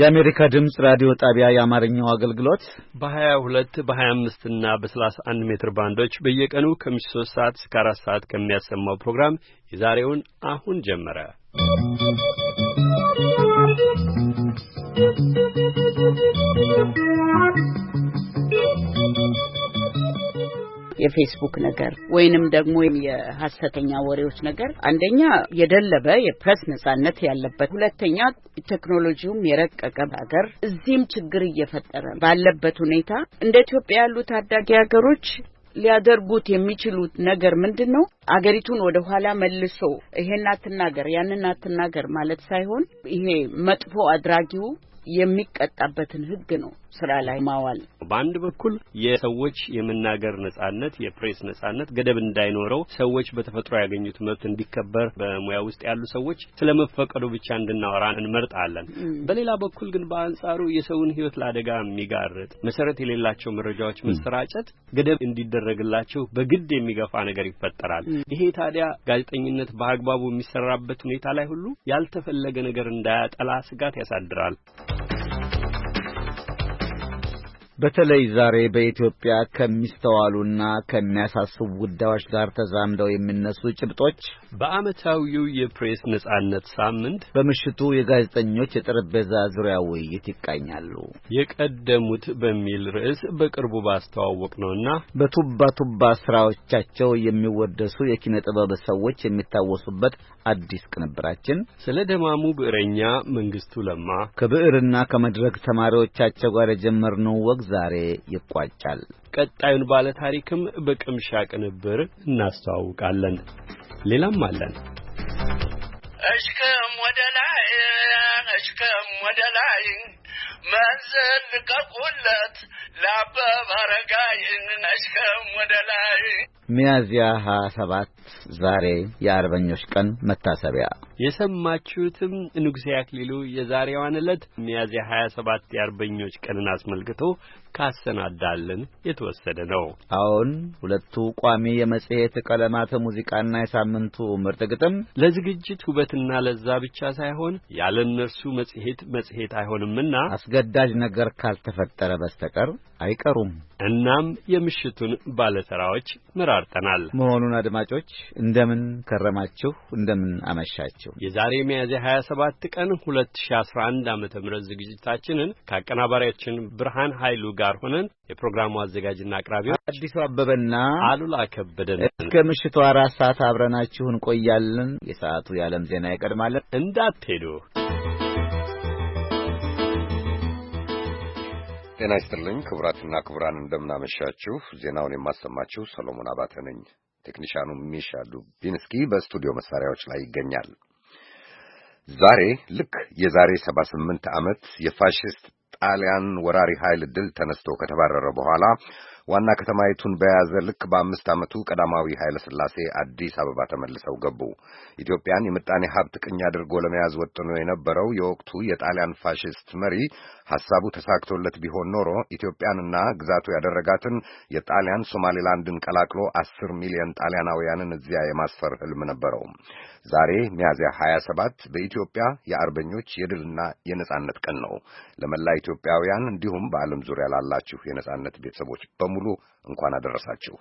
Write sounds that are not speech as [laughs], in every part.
የአሜሪካ ድምጽ ራዲዮ ጣቢያ የአማርኛው አገልግሎት በ22 በ25 እና በ31 ሜትር ባንዶች በየቀኑ ከ 3 ሰዓት እስከ 4 ሰዓት ከሚያሰማው ፕሮግራም የዛሬውን አሁን ጀመረ። የፌስቡክ ነገር ወይንም ደግሞ የሀሰተኛ ወሬዎች ነገር አንደኛ የደለበ የፕሬስ ነጻነት ያለበት፣ ሁለተኛ ቴክኖሎጂውም የረቀቀ ሀገር እዚህም ችግር እየፈጠረ ባለበት ሁኔታ እንደ ኢትዮጵያ ያሉ ታዳጊ ሀገሮች ሊያደርጉት የሚችሉት ነገር ምንድን ነው? አገሪቱን ወደ ኋላ መልሶ ይሄን አትናገር ያንን አትናገር ማለት ሳይሆን ይሄ መጥፎ አድራጊው የሚቀጣበትን ሕግ ነው ስራ ላይ ማዋል። በአንድ በኩል የሰዎች የመናገር ነጻነት፣ የፕሬስ ነጻነት ገደብ እንዳይኖረው ሰዎች በተፈጥሮ ያገኙት መብት እንዲከበር በሙያ ውስጥ ያሉ ሰዎች ስለ መፈቀዱ ብቻ እንድናወራ እንመርጣለን። በሌላ በኩል ግን በአንጻሩ የሰውን ሕይወት ለአደጋ የሚጋርጥ መሰረት የሌላቸው መረጃዎች መሰራጨት ገደብ እንዲደረግላቸው በግድ የሚገፋ ነገር ይፈጠራል። ይሄ ታዲያ ጋዜጠኝነት በአግባቡ የሚሰራበት ሁኔታ ላይ ሁሉ ያልተፈለገ ነገር እንዳያጠላ ስጋት ያሳድራል። በተለይ ዛሬ በኢትዮጵያ ከሚስተዋሉና ከሚያሳስቡ ጉዳዮች ጋር ተዛምደው የሚነሱ ጭብጦች በዓመታዊው የፕሬስ ነጻነት ሳምንት በምሽቱ የጋዜጠኞች የጠረጴዛ ዙሪያ ውይይት ይቃኛሉ። የቀደሙት በሚል ርዕስ በቅርቡ ባስተዋወቅ ነውና በቱባ ቱባ ስራዎቻቸው የሚወደሱ የኪነ ጥበብ ሰዎች የሚታወሱበት አዲስ ቅንብራችን ስለ ደማሙ ብዕረኛ መንግስቱ ለማ ከብዕርና ከመድረክ ተማሪዎቻቸው ጋር የጀመርነው ወግ ዛሬ ይቋጫል። ቀጣዩን ባለ ታሪክም በቅምሻ ቅንብር እናስተዋውቃለን። ሌላም አለን። እሽክም ወደ ላይ እሽክም ወደ ላይ መንዝል ልቀቁለት ለአበበ አረጋይ እሽክም ወደ ላይ ሚያዝያ 27 ዛሬ የአርበኞች ቀን መታሰቢያ የሰማችሁትም ንጉሴ አክሊሉ የዛሬዋን ዕለት ሚያዝያ 27 የአርበኞች ቀንን አስመልክቶ ካሰናዳልን የተወሰደ ነው። አሁን ሁለቱ ቋሚ የመጽሔት ቀለማት ሙዚቃና የሳምንቱ ምርጥ ግጥም ለዝግጅት ውበትና ለዛ ብቻ ሳይሆን ያለ እነርሱ መጽሔት መጽሔት አይሆንምና አስገዳጅ ነገር ካልተፈጠረ በስተቀር አይቀሩም። እናም የምሽቱን ባለተራዎች መራርጠናል መሆኑን አድማጮች እንደምን ከረማችሁ፣ እንደምን አመሻችሁ። የዛሬ ሚያዝያ 27 ቀን 2011 ዓ ም ዝግጅታችንን ከአቀናባሪያችን ብርሃን ኃይሉ ጋር ጋር ሆነን የፕሮግራሙ አዘጋጅና አቅራቢዎች አዲሱ አበበና አሉላ ከበደን እስከ ምሽቱ አራት ሰዓት አብረናችሁ እንቆያለን። የሰዓቱ የዓለም ዜና ይቀድማለን፣ እንዳትሄዱ። ጤና ይስጥልኝ ክቡራትና ክቡራን፣ እንደምናመሻችሁ። ዜናውን የማሰማችሁ ሰሎሞን አባተ ነኝ። ቴክኒሻኑ ሚሻ ዱቢንስኪ በስቱዲዮ መሳሪያዎች ላይ ይገኛል። ዛሬ ልክ የዛሬ 78 ዓመት የፋሽስት ጣሊያን ወራሪ ኃይል ድል ተነስቶ ከተባረረ በኋላ ዋና ከተማይቱን በያዘ ልክ በአምስት ዓመቱ ቀዳማዊ ኃይለ ሥላሴ አዲስ አበባ ተመልሰው ገቡ። ኢትዮጵያን የምጣኔ ሀብት ቅኝ አድርጎ ለመያዝ ወጥኖ የነበረው የወቅቱ የጣሊያን ፋሽስት መሪ ሐሳቡ ተሳክቶለት ቢሆን ኖሮ ኢትዮጵያንና ግዛቱ ያደረጋትን የጣሊያን ሶማሌላንድን ቀላቅሎ አስር ሚሊዮን ጣሊያናውያንን እዚያ የማስፈር ህልም ነበረው። ዛሬ ሚያዝያ 27 በኢትዮጵያ የአርበኞች የድልና የነጻነት ቀን ነው። ለመላ ኢትዮጵያውያን እንዲሁም በዓለም ዙሪያ ላላችሁ የነጻነት ቤተሰቦች በሙሉ እንኳን አደረሳችሁ።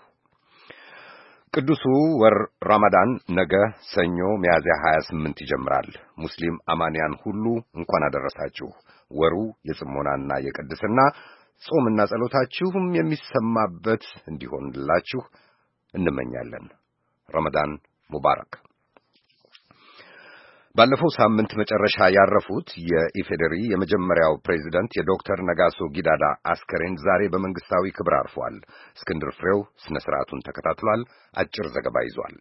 ቅዱሱ ወር ራማዳን ነገ ሰኞ ሚያዝያ 28 ይጀምራል። ሙስሊም አማንያን ሁሉ እንኳን አደረሳችሁ። ወሩ የጽሞናና የቅድስና ጾምና ጸሎታችሁም የሚሰማበት እንዲሆንላችሁ እንመኛለን። ረመዳን ሙባረክ። ባለፈው ሳምንት መጨረሻ ያረፉት የኢፌዴሪ የመጀመሪያው ፕሬዚደንት የዶክተር ነጋሶ ጊዳዳ አስከሬን ዛሬ በመንግስታዊ ክብር አርፏል። እስክንድር ፍሬው ስነ ስርዓቱን ተከታትሏል። አጭር ዘገባ ይዟል።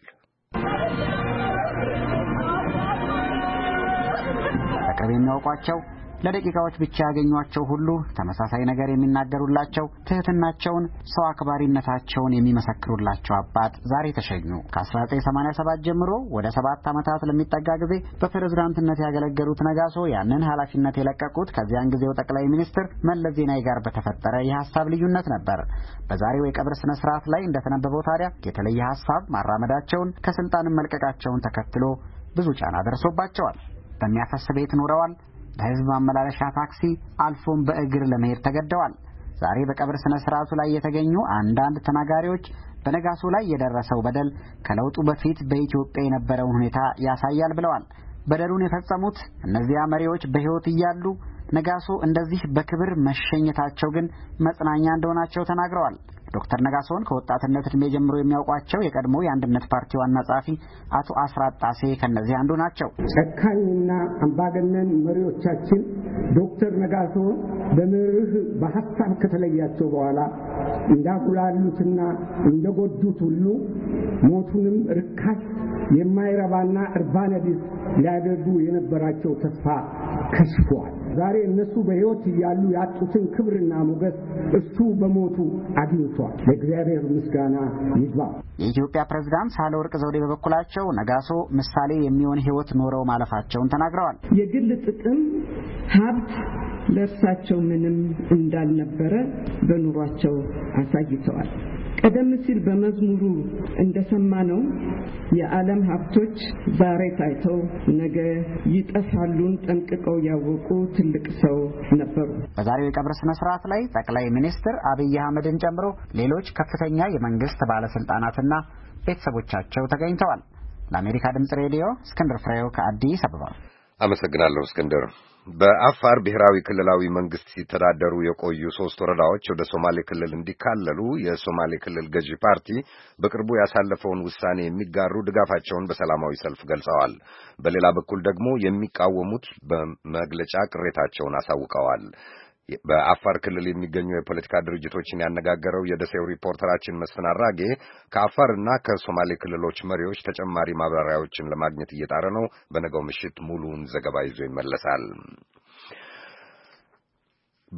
አቅርቤ የሚያውቋቸው ለደቂቃዎች ብቻ ያገኟቸው ሁሉ ተመሳሳይ ነገር የሚናገሩላቸው ትህትናቸውን፣ ሰው አክባሪነታቸውን የሚመሰክሩላቸው አባት ዛሬ ተሸኙ። ከ1987 ጀምሮ ወደ ሰባት ዓመታት ለሚጠጋ ጊዜ በፕሬዝዳንትነት ያገለገሉት ነጋሶ ያንን ኃላፊነት የለቀቁት ከዚያን ጊዜው ጠቅላይ ሚኒስትር መለስ ዜናዊ ጋር በተፈጠረ የሀሳብ ልዩነት ነበር። በዛሬው የቀብር ስነ ስርዓት ላይ እንደተነበበው ታዲያ የተለየ ሀሳብ ማራመዳቸውን ከስልጣንም መልቀቃቸውን ተከትሎ ብዙ ጫና ደርሶባቸዋል። በሚያፈስ ቤት ኑረዋል። በህዝብ ማመላለሻ ታክሲ አልፎም በእግር ለመሄድ ተገደዋል። ዛሬ በቀብር ስነ ስርዓቱ ላይ የተገኙ አንዳንድ ተናጋሪዎች በነጋሶ ላይ የደረሰው በደል ከለውጡ በፊት በኢትዮጵያ የነበረውን ሁኔታ ያሳያል ብለዋል። በደሉን የፈጸሙት እነዚያ መሪዎች በሕይወት እያሉ ነጋሶ እንደዚህ በክብር መሸኘታቸው ግን መጽናኛ እንደሆናቸው ተናግረዋል። ዶክተር ነጋሶን ከወጣትነት እድሜ ጀምሮ የሚያውቋቸው የቀድሞ የአንድነት ፓርቲ ዋና ጸሐፊ አቶ አስራት ጣሴ ከእነዚህ አንዱ ናቸው። ጨካኝና አምባገነን መሪዎቻችን ዶክተር ነጋሶ በመርህ በሀሳብ ከተለያቸው በኋላ እንዳጉላሉትና እንደጎዱት ሁሉ ሞቱንም ርካሽ የማይረባና እርባነቢስ ሊያደርጉ የነበራቸው ተስፋ ከስፏል። ዛሬ እነሱ በሕይወት እያሉ ያጡትን ክብርና ሞገስ እሱ በሞቱ አግኝቷል። ለእግዚአብሔር ምስጋና ይግባ። የኢትዮጵያ ፕሬዝዳንት ሳህለወርቅ ዘውዴ በበኩላቸው ነጋሶ ምሳሌ የሚሆን ሕይወት ኖረው ማለፋቸውን ተናግረዋል። የግል ጥቅም ሀብት ለእርሳቸው ምንም እንዳልነበረ በኑሯቸው አሳይተዋል። ቀደም ሲል በመዝሙሩ እንደሰማነው የዓለም ሀብቶች ዛሬ ታይተው ነገ ይጠፋሉን ጠንቅቀው ያወቁ ትልቅ ሰው ነበሩ። በዛሬው የቀብር ስነ ስርዓት ላይ ጠቅላይ ሚኒስትር አብይ አህመድን ጨምሮ ሌሎች ከፍተኛ የመንግስት ባለስልጣናትና ቤተሰቦቻቸው ተገኝተዋል። ለአሜሪካ ድምጽ ሬዲዮ እስክንድር ፍሬው ከአዲስ አበባ አመሰግናለሁ። እስክንድር በአፋር ብሔራዊ ክልላዊ መንግስት ሲተዳደሩ የቆዩ ሶስት ወረዳዎች ወደ ሶማሌ ክልል እንዲካለሉ የሶማሌ ክልል ገዢ ፓርቲ በቅርቡ ያሳለፈውን ውሳኔ የሚጋሩ ድጋፋቸውን በሰላማዊ ሰልፍ ገልጸዋል። በሌላ በኩል ደግሞ የሚቃወሙት በመግለጫ ቅሬታቸውን አሳውቀዋል። በአፋር ክልል የሚገኙ የፖለቲካ ድርጅቶችን ያነጋገረው የደሴው ሪፖርተራችን መስፍን አራጌ ከአፋርና ከሶማሌ ክልሎች መሪዎች ተጨማሪ ማብራሪያዎችን ለማግኘት እየጣረ ነው። በነገው ምሽት ሙሉውን ዘገባ ይዞ ይመለሳል።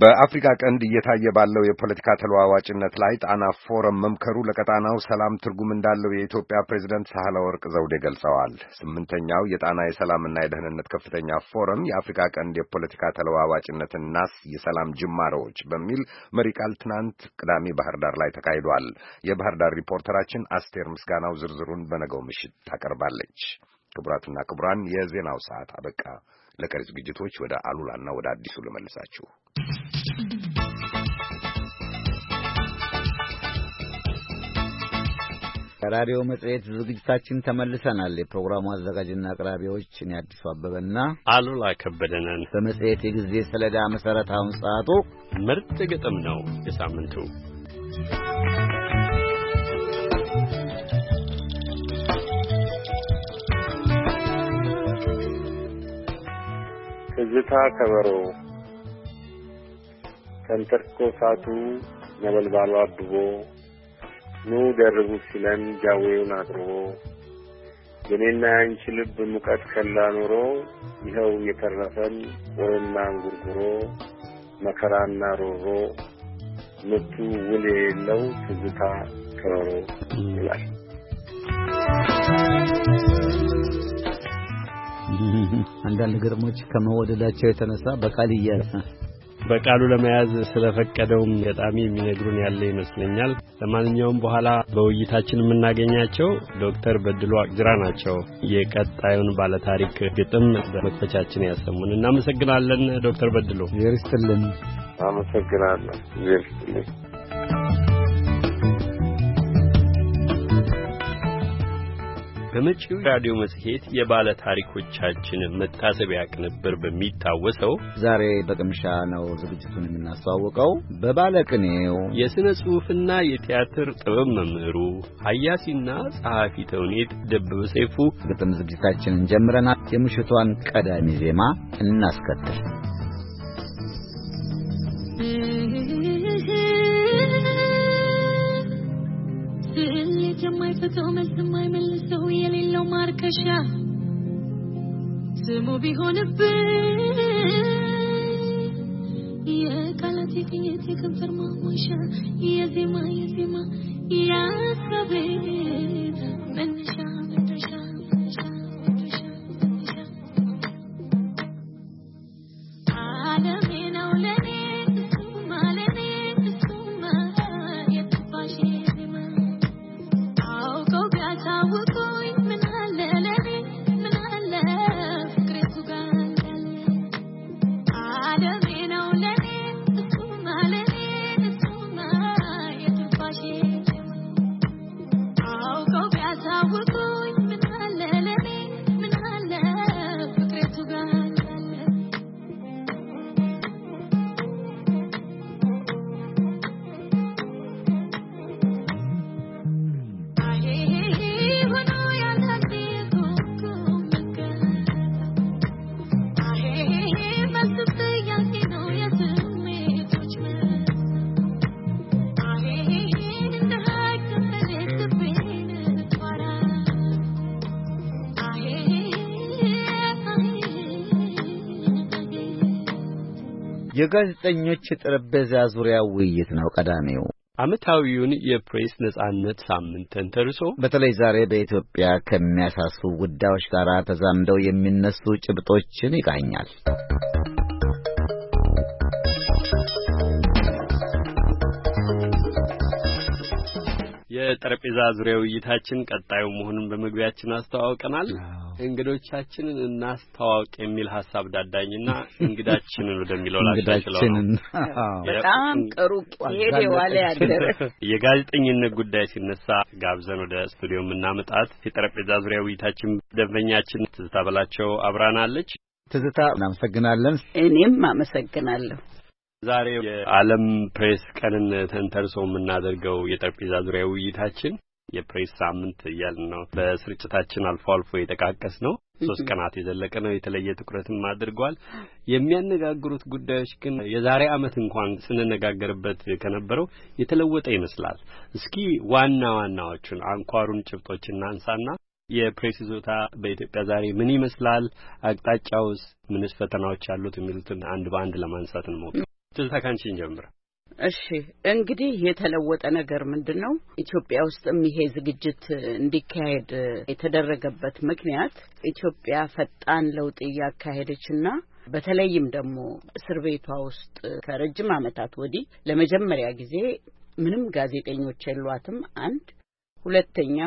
በአፍሪካ ቀንድ እየታየ ባለው የፖለቲካ ተለዋዋጭነት ላይ ጣና ፎረም መምከሩ ለቀጣናው ሰላም ትርጉም እንዳለው የኢትዮጵያ ፕሬዚደንት ሳህለወርቅ ዘውዴ ገልጸዋል። ስምንተኛው የጣና የሰላምና የደህንነት ከፍተኛ ፎረም የአፍሪካ ቀንድ የፖለቲካ ተለዋዋጭነትና የሰላም ጅማሮዎች በሚል መሪ ቃል ትናንት ቅዳሜ ባህር ዳር ላይ ተካሂዷል። የባህር ዳር ሪፖርተራችን አስቴር ምስጋናው ዝርዝሩን በነገው ምሽት ታቀርባለች። ክቡራትና ክቡራን፣ የዜናው ሰዓት አበቃ። ለቀሪ ዝግጅቶች ወደ አሉላና ወደ አዲሱ ልመልሳችሁ። ከራዲዮ መጽሔት ዝግጅታችን ተመልሰናል። የፕሮግራሙ አዘጋጅና አቅራቢዎች እኔ አዲሱ አበበና አሉላ ከበደነን። በመጽሔት የጊዜ ሰሌዳ መሠረት አሁን ሰዓቱ ምርጥ ግጥም ነው። የሳምንቱ ዝታ ከበሮ ሳቱ ነበልባሉ አብቦ ኑ ደርቡ ሲለን ጃዌውን አቅርቦ የኔና ያንቺ ልብ ሙቀት ከላ ኖሮ ይኸው የተረፈን ወይና እንጉርጉሮ መከራና ሮሮ ምቱ ውል የሌለው ትዝታ ከበሮ ይላል። አንዳንድ ግጥሞች ከመወደዳቸው የተነሳ በቃል እያለ በቃሉ ለመያዝ ስለፈቀደውም ገጣሚ የሚነግሩን ያለ ይመስለኛል። ለማንኛውም በኋላ በውይይታችን የምናገኛቸው ዶክተር በድሉ አቅጅራ ናቸው። የቀጣዩን ባለታሪክ ግጥም በመክፈቻችን ያሰሙን። እናመሰግናለን ዶክተር በድሉ ይርስጥልን። አመሰግናለን ይርስጥልኝ። በመጪው ራዲዮ መጽሔት የባለ ታሪኮቻችን መታሰቢያ ቅንብር በሚታወሰው ዛሬ በቅምሻ ነው ዝግጅቱን የምናስተዋውቀው። በባለ ቅኔው የሥነ ጽሑፍና የቲያትር ጥበብ መምህሩ ሐያሲና ጸሐፊ ተውኔት ደበበ ሰይፉ ግጥም ዝግጅታችንን ጀምረናል። የምሽቷን ቀዳሚ ዜማ እናስከትል። Don't ማርከሻ ስሙ ቢሆንብኝ የቃላት የቅኝት የከንፈር ማሟሻ የዜማ የዜማ ያሳቤ የጋዜጠኞች የጠረጴዛ ዙሪያ ውይይት ነው ቀዳሚው። ዓመታዊውን የፕሬስ ነጻነት ሳምንት ተንተርሶ በተለይ ዛሬ በኢትዮጵያ ከሚያሳስቡ ጉዳዮች ጋር ተዛምደው የሚነሱ ጭብጦችን ይቃኛል። የጠረጴዛ ዙሪያ ውይይታችን ቀጣዩ መሆኑን በመግቢያችን አስተዋውቀናል። እንግዶቻችንን እናስተዋውቅ የሚል ሀሳብ ዳዳኝና [laughs] እንግዳችንን ወደሚለው ላሻሽለው በጣም ሄድ የዋለ ያደረ [laughs] የጋዜጠኝነት ጉዳይ ሲነሳ ጋብዘን ወደ ስቱዲዮ የምናመጣት የጠረጴዛ ዙሪያ ውይይታችን ደንበኛችን ትዝታ በላቸው አብራናለች። ትዝታ እናመሰግናለን። እኔም አመሰግናለሁ። ዛሬ የዓለም ፕሬስ ቀንን ተንተርሶ የምናደርገው የጠረጴዛ ዙሪያ ውይይታችን የፕሬስ ሳምንት እያልን ነው። በስርጭታችን አልፎ አልፎ የጠቃቀስ ነው። ሶስት [laughs] ቀናት የዘለቀ ነው። የተለየ ትኩረትም አድርጓል። የሚያነጋግሩት ጉዳዮች ግን የዛሬ ዓመት እንኳን ስንነጋገርበት ከነበረው የተለወጠ ይመስላል። እስኪ ዋና ዋናዎቹን አንኳሩን ጭብጦች እናንሳና የፕሬስ ይዞታ በኢትዮጵያ ዛሬ ምን ይመስላል፣ አቅጣጫውስ ምንስ ፈተናዎች አሉት የሚሉትን አንድ በአንድ ለማንሳት እንሞክር። ትዝታ ካንቺ እንጀምር። እሺ እንግዲህ የተለወጠ ነገር ምንድን ነው? ኢትዮጵያ ውስጥም ይሄ ዝግጅት እንዲካሄድ የተደረገበት ምክንያት ኢትዮጵያ ፈጣን ለውጥ እያካሄደችና በተለይም ደግሞ እስር ቤቷ ውስጥ ከረጅም ዓመታት ወዲህ ለመጀመሪያ ጊዜ ምንም ጋዜጠኞች የሏትም። አንድ ሁለተኛ፣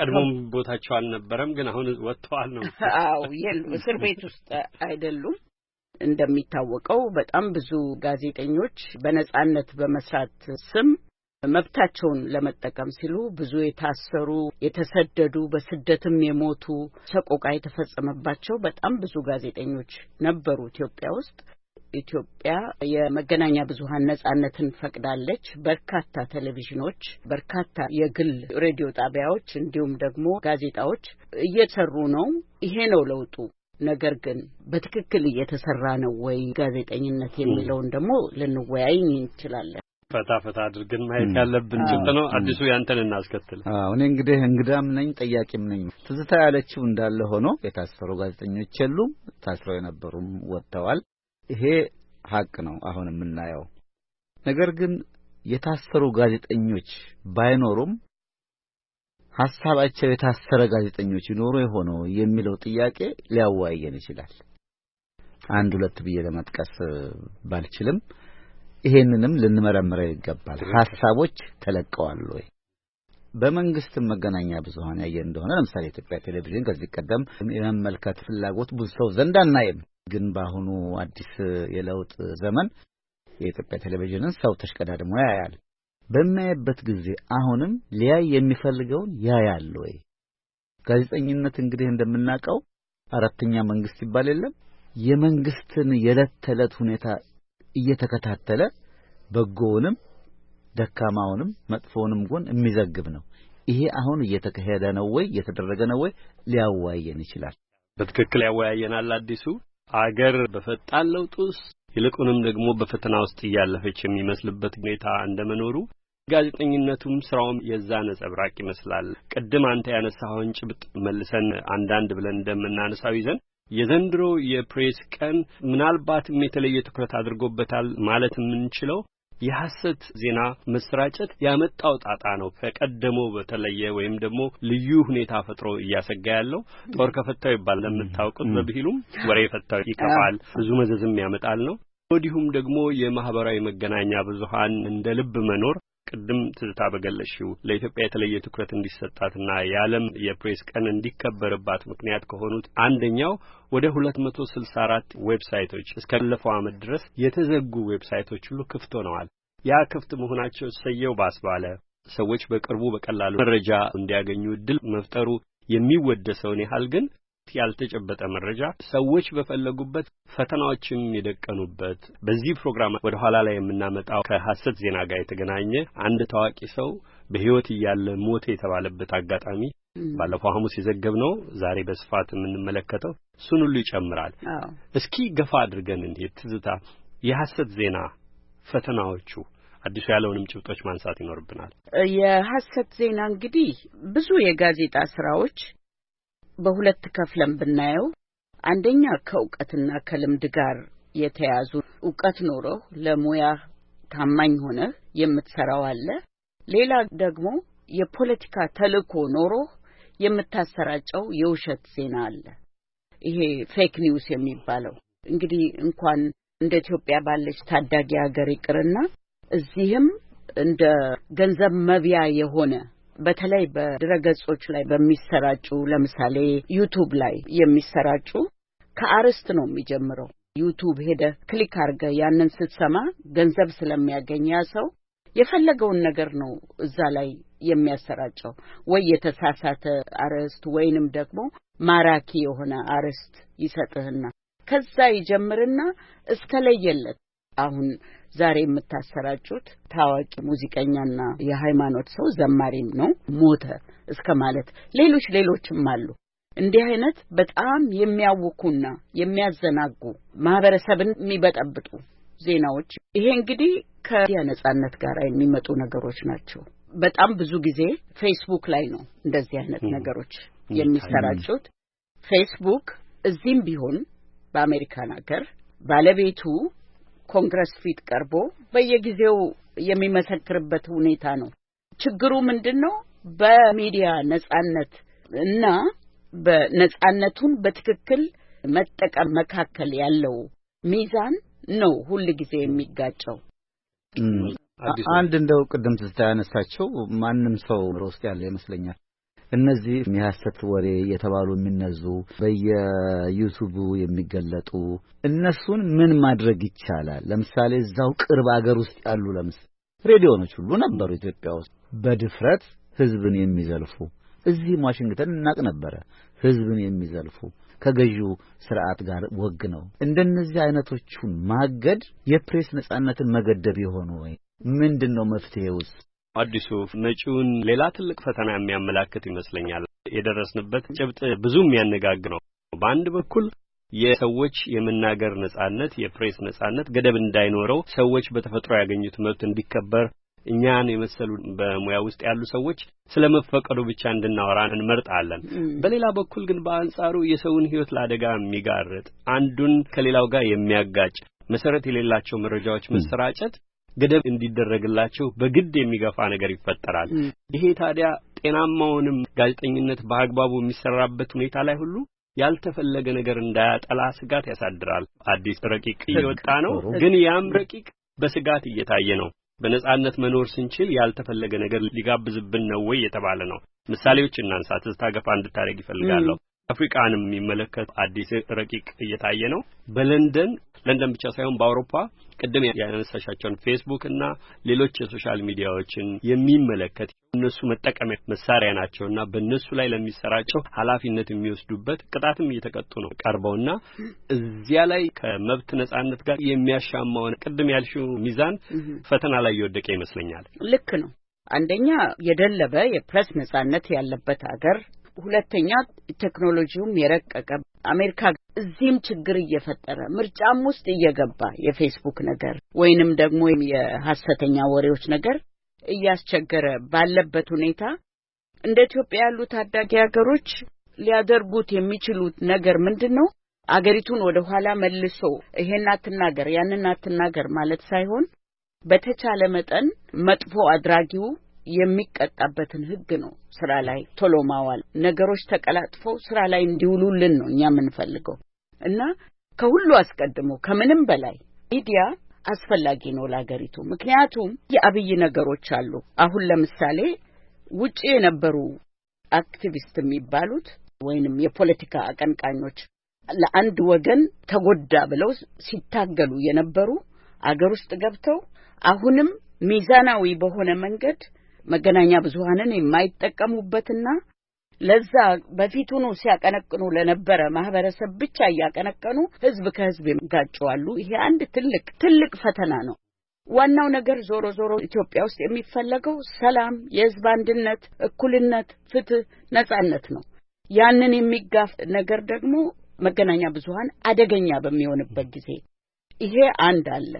ቀድሞም ቦታቸው አልነበረም፣ ግን አሁን ወጥተዋል ነው። አዎ የሉም፣ እስር ቤት ውስጥ አይደሉም። እንደሚታወቀው በጣም ብዙ ጋዜጠኞች በነጻነት በመስራት ስም መብታቸውን ለመጠቀም ሲሉ ብዙ የታሰሩ፣ የተሰደዱ፣ በስደትም የሞቱ ሰቆቃ የተፈጸመባቸው በጣም ብዙ ጋዜጠኞች ነበሩ ኢትዮጵያ ውስጥ። ኢትዮጵያ የመገናኛ ብዙኃን ነጻነትን ፈቅዳለች። በርካታ ቴሌቪዥኖች፣ በርካታ የግል ሬዲዮ ጣቢያዎች እንዲሁም ደግሞ ጋዜጣዎች እየሰሩ ነው። ይሄ ነው ለውጡ። ነገር ግን በትክክል እየተሰራ ነው ወይ ጋዜጠኝነት የሚለውን ደግሞ ልንወያይ እንችላለን። ፈታ ፈታ አድርገን ማየት ያለብን ጭብጥ ነው። አዲሱ ያንተን እናስከትል። እኔ እንግዲህ እንግዳም ነኝ ጠያቂም ነኝ። ትዝታ ያለችው እንዳለ ሆኖ የታሰሩ ጋዜጠኞች የሉም፣ ታስረው የነበሩም ወጥተዋል። ይሄ ሀቅ ነው አሁን የምናየው ነገር ግን የታሰሩ ጋዜጠኞች ባይኖሩም ሐሳባቸው የታሰረ ጋዜጠኞች ይኖሩ የሆነው የሚለው ጥያቄ ሊያወያየን ይችላል። አንድ ሁለት ብዬ ለመጥቀስ ባልችልም ይሄንንም ልንመረምረው ይገባል። ሀሳቦች ተለቀዋል ወይ? በመንግስትም መገናኛ ብዙሀን ያየን እንደሆነ ለምሳሌ ኢትዮጵያ ቴሌቪዥን ከዚህ ቀደም የመመልከት ፍላጎት ብዙ ሰው ዘንድ አናይም። ግን በአሁኑ አዲስ የለውጥ ዘመን የኢትዮጵያ ቴሌቪዥንን ሰው ተሽቀዳድሞ ያያል። በሚያይበት ጊዜ አሁንም ሊያይ የሚፈልገውን ያያል ወይ? ጋዜጠኝነት እንግዲህ እንደምናውቀው አራተኛ መንግስት ሲባል የለም የመንግስትን የዕለት ተዕለት ሁኔታ እየተከታተለ በጎውንም ደካማውንም መጥፎውንም ጎን የሚዘግብ ነው። ይሄ አሁን እየተካሄደ ነው ወይ እየተደረገ ነው ወይ ሊያወያየን ይችላል። በትክክል ያወያየናል። አዲሱ አገር በፈጣን ለውጥ ውስጥ ይልቁንም ደግሞ በፈተና ውስጥ እያለፈች የሚመስልበት ሁኔታ እንደመኖሩ ጋዜጠኝነቱም ስራውም የዛ ነጸብራቅ ይመስላል። ቅድም አንተ ያነሳኸውን ጭብጥ መልሰን አንዳንድ ብለን እንደምናነሳው ይዘን የዘንድሮ የፕሬስ ቀን ምናልባትም የተለየ ትኩረት አድርጎበታል ማለት የምንችለው የሐሰት ዜና መሰራጨት ያመጣው ጣጣ ነው። ከቀደሞ በተለየ ወይም ደግሞ ልዩ ሁኔታ ፈጥሮ እያሰጋ ያለው ጦር ከፈታው ይባል ለምታውቁት በብሂሉም ወሬ ፈታው ይከፋል፣ ብዙ መዘዝም ያመጣል ነው። ወዲሁም ደግሞ የማህበራዊ መገናኛ ብዙሃን እንደ ልብ መኖር ቅድም ትዝታ በገለሽው ለኢትዮጵያ የተለየ ትኩረት እንዲሰጣትና የዓለም የፕሬስ ቀን እንዲከበርባት ምክንያት ከሆኑት አንደኛው ወደ 264 መቶ ስልሳ አራት ዌብሳይቶች እስካለፈው ዓመት ድረስ የተዘጉ ዌብሳይቶች ሁሉ ክፍት ሆነዋል። ያ ክፍት መሆናቸው ሰየው ባስባለ ሰዎች በቅርቡ በቀላሉ መረጃ እንዲያገኙ እድል መፍጠሩ የሚወደሰውን ያህል ግን ያልተጨበጠ መረጃ ሰዎች በፈለጉበት ፈተናዎችም የደቀኑበት በዚህ ፕሮግራም ወደ ኋላ ላይ የምናመጣው ከሐሰት ዜና ጋር የተገናኘ አንድ ታዋቂ ሰው በህይወት እያለ ሞት የተባለበት አጋጣሚ ባለፈው ሐሙስ ነው ዛሬ በስፋት የምንመለከተው እሱን ሁሉ ይጨምራል። እስኪ ገፋ አድርገን እንዴት ትዝታ፣ የሐሰት ዜና ፈተናዎቹ አዲሱ ያለውንም ጭብጦች ማንሳት ይኖርብናል። የሐሰት ዜና እንግዲህ ብዙ የጋዜጣ ስራዎች በሁለት ከፍለን ብናየው አንደኛ ከእውቀትና ከልምድ ጋር የተያዙ እውቀት ኖረህ ለሙያ ታማኝ ሆነህ የምትሰራው አለ። ሌላ ደግሞ የፖለቲካ ተልእኮ ኖሮህ የምታሰራጨው የውሸት ዜና አለ። ይሄ ፌክ ኒውስ የሚባለው እንግዲህ እንኳን እንደ ኢትዮጵያ ባለች ታዳጊ ሀገር ይቅርና እዚህም እንደ ገንዘብ መብያ የሆነ በተለይ በድረገጾች ላይ በሚሰራጩ ለምሳሌ ዩቱብ ላይ የሚሰራጩ ከአርዕስት ነው የሚጀምረው። ዩቱብ ሄደ ክሊክ አርገ ያንን ስትሰማ ገንዘብ ስለሚያገኝ ያ ሰው የፈለገውን ነገር ነው እዛ ላይ የሚያሰራጨው። ወይ የተሳሳተ አርዕስት ወይንም ደግሞ ማራኪ የሆነ አርዕስት ይሰጥህና ከዛ ይጀምርና እስከ ለየለት አሁን ዛሬ የምታሰራጩት ታዋቂ ሙዚቀኛና የሃይማኖት ሰው ዘማሪም ነው ሞተ እስከ ማለት ሌሎች ሌሎችም አሉ። እንዲህ አይነት በጣም የሚያውኩና የሚያዘናጉ ማህበረሰብን የሚበጠብጡ ዜናዎች ይሄ እንግዲህ ከዚያ ነጻነት ጋር የሚመጡ ነገሮች ናቸው። በጣም ብዙ ጊዜ ፌስቡክ ላይ ነው እንደዚህ አይነት ነገሮች የሚሰራጩት። ፌስቡክ እዚህም ቢሆን በአሜሪካን ሀገር ባለቤቱ ኮንግረስ ፊት ቀርቦ በየጊዜው የሚመሰክርበት ሁኔታ ነው። ችግሩ ምንድን ነው? በሚዲያ ነጻነት እና በነጻነቱን በትክክል መጠቀም መካከል ያለው ሚዛን ነው ሁል ጊዜ የሚጋጨው። አንድ እንደው ቅድም ትዝታ ያነሳቸው ማንም ሰው ውስጥ ያለ ይመስለኛል እነዚህ የሐሰት ወሬ የተባሉ የሚነዙ በየዩቱቡ የሚገለጡ እነሱን ምን ማድረግ ይቻላል? ለምሳሌ እዛው ቅርብ አገር ውስጥ ያሉ ለምሳሌ ሬዲዮኖች ሁሉ ነበሩ ኢትዮጵያ ውስጥ በድፍረት ህዝብን የሚዘልፉ እዚህም ዋሽንግተን እናቅ ነበረ ህዝብን የሚዘልፉ ከገዢው ስርዓት ጋር ወግ ነው። እንደነዚህ አይነቶቹን ማገድ የፕሬስ ነጻነትን መገደብ የሆኑ ወይ ምንድን ነው መፍትሄ ውስጥ አዲሱ መጪውን ሌላ ትልቅ ፈተና የሚያመላክት ይመስለኛል። የደረስንበት ጭብጥ ብዙ የሚያነጋግ ነው። በአንድ በኩል የሰዎች የመናገር ነጻነት፣ የፕሬስ ነጻነት ገደብ እንዳይኖረው ሰዎች በተፈጥሮ ያገኙት መብት እንዲከበር እኛን የመሰሉ በሙያ ውስጥ ያሉ ሰዎች ስለ መፈቀዱ ብቻ እንድናወራ እንመርጣለን። በሌላ በኩል ግን በአንጻሩ የሰውን ሕይወት ለአደጋ የሚጋርጥ አንዱን ከሌላው ጋር የሚያጋጭ መሰረት የሌላቸው መረጃዎች መሰራጨት ገደብ እንዲደረግላቸው በግድ የሚገፋ ነገር ይፈጠራል። ይሄ ታዲያ ጤናማውንም ጋዜጠኝነት በአግባቡ የሚሰራበት ሁኔታ ላይ ሁሉ ያልተፈለገ ነገር እንዳያጠላ ስጋት ያሳድራል። አዲስ ረቂቅ እየወጣ ነው፣ ግን ያም ረቂቅ በስጋት እየታየ ነው። በነጻነት መኖር ስንችል ያልተፈለገ ነገር ሊጋብዝብን ነው ወይ የተባለ ነው። ምሳሌዎች እናንሳ። ትዝታ ገፋ እንድታደርግ ይፈልጋለሁ። አፍሪቃንም የሚመለከት አዲስ ረቂቅ እየታየ ነው። በለንደን ለንደን ብቻ ሳይሆን በአውሮፓ ቅድም ያነሳሻቸውን ፌስቡክ እና ሌሎች የሶሻል ሚዲያዎችን የሚመለከት እነሱ መጠቀሚያ መሳሪያ ናቸው እና በእነሱ ላይ ለሚሰራጨው ኃላፊነት የሚወስዱበት ቅጣትም እየተቀጡ ነው ቀርበውና እዚያ ላይ ከመብት ነጻነት ጋር የሚያሻማውን ቅድም ያልሽው ሚዛን ፈተና ላይ የወደቀ ይመስለኛል። ልክ ነው። አንደኛ የደለበ የፕሬስ ነጻነት ያለበት ሀገር ሁለተኛ ቴክኖሎጂውም የረቀቀ አሜሪካ እዚህም ችግር እየፈጠረ ምርጫም ውስጥ እየገባ የፌስቡክ ነገር ወይንም ደግሞ የሐሰተኛ ወሬዎች ነገር እያስቸገረ ባለበት ሁኔታ እንደ ኢትዮጵያ ያሉ ታዳጊ ሀገሮች ሊያደርጉት የሚችሉት ነገር ምንድን ነው? አገሪቱን ወደ ኋላ መልሶ ይሄን አትናገር ያንን አትናገር ማለት ሳይሆን በተቻለ መጠን መጥፎ አድራጊው የሚቀጣበትን ህግ ነው ስራ ላይ ቶሎ ማዋል። ነገሮች ተቀላጥፈው ስራ ላይ እንዲውሉልን ነው እኛ የምንፈልገው እና ከሁሉ አስቀድሞ ከምንም በላይ ሚዲያ አስፈላጊ ነው ለሀገሪቱ። ምክንያቱም የአብይ ነገሮች አሉ። አሁን ለምሳሌ ውጪ የነበሩ አክቲቪስት የሚባሉት ወይንም የፖለቲካ አቀንቃኞች ለአንድ ወገን ተጎዳ ብለው ሲታገሉ የነበሩ አገር ውስጥ ገብተው አሁንም ሚዛናዊ በሆነ መንገድ መገናኛ ብዙሃንን የማይጠቀሙበትና ለዛ በፊት ሲያቀነቅኑ ለነበረ ማህበረሰብ ብቻ እያቀነቀኑ ህዝብ ከህዝብ ይጋጨዋሉ። ይሄ አንድ ትልቅ ትልቅ ፈተና ነው። ዋናው ነገር ዞሮ ዞሮ ኢትዮጵያ ውስጥ የሚፈለገው ሰላም፣ የህዝብ አንድነት፣ እኩልነት፣ ፍትህ፣ ነጻነት ነው። ያንን የሚጋፍ ነገር ደግሞ መገናኛ ብዙሃን አደገኛ በሚሆንበት ጊዜ ይሄ አንድ አለ።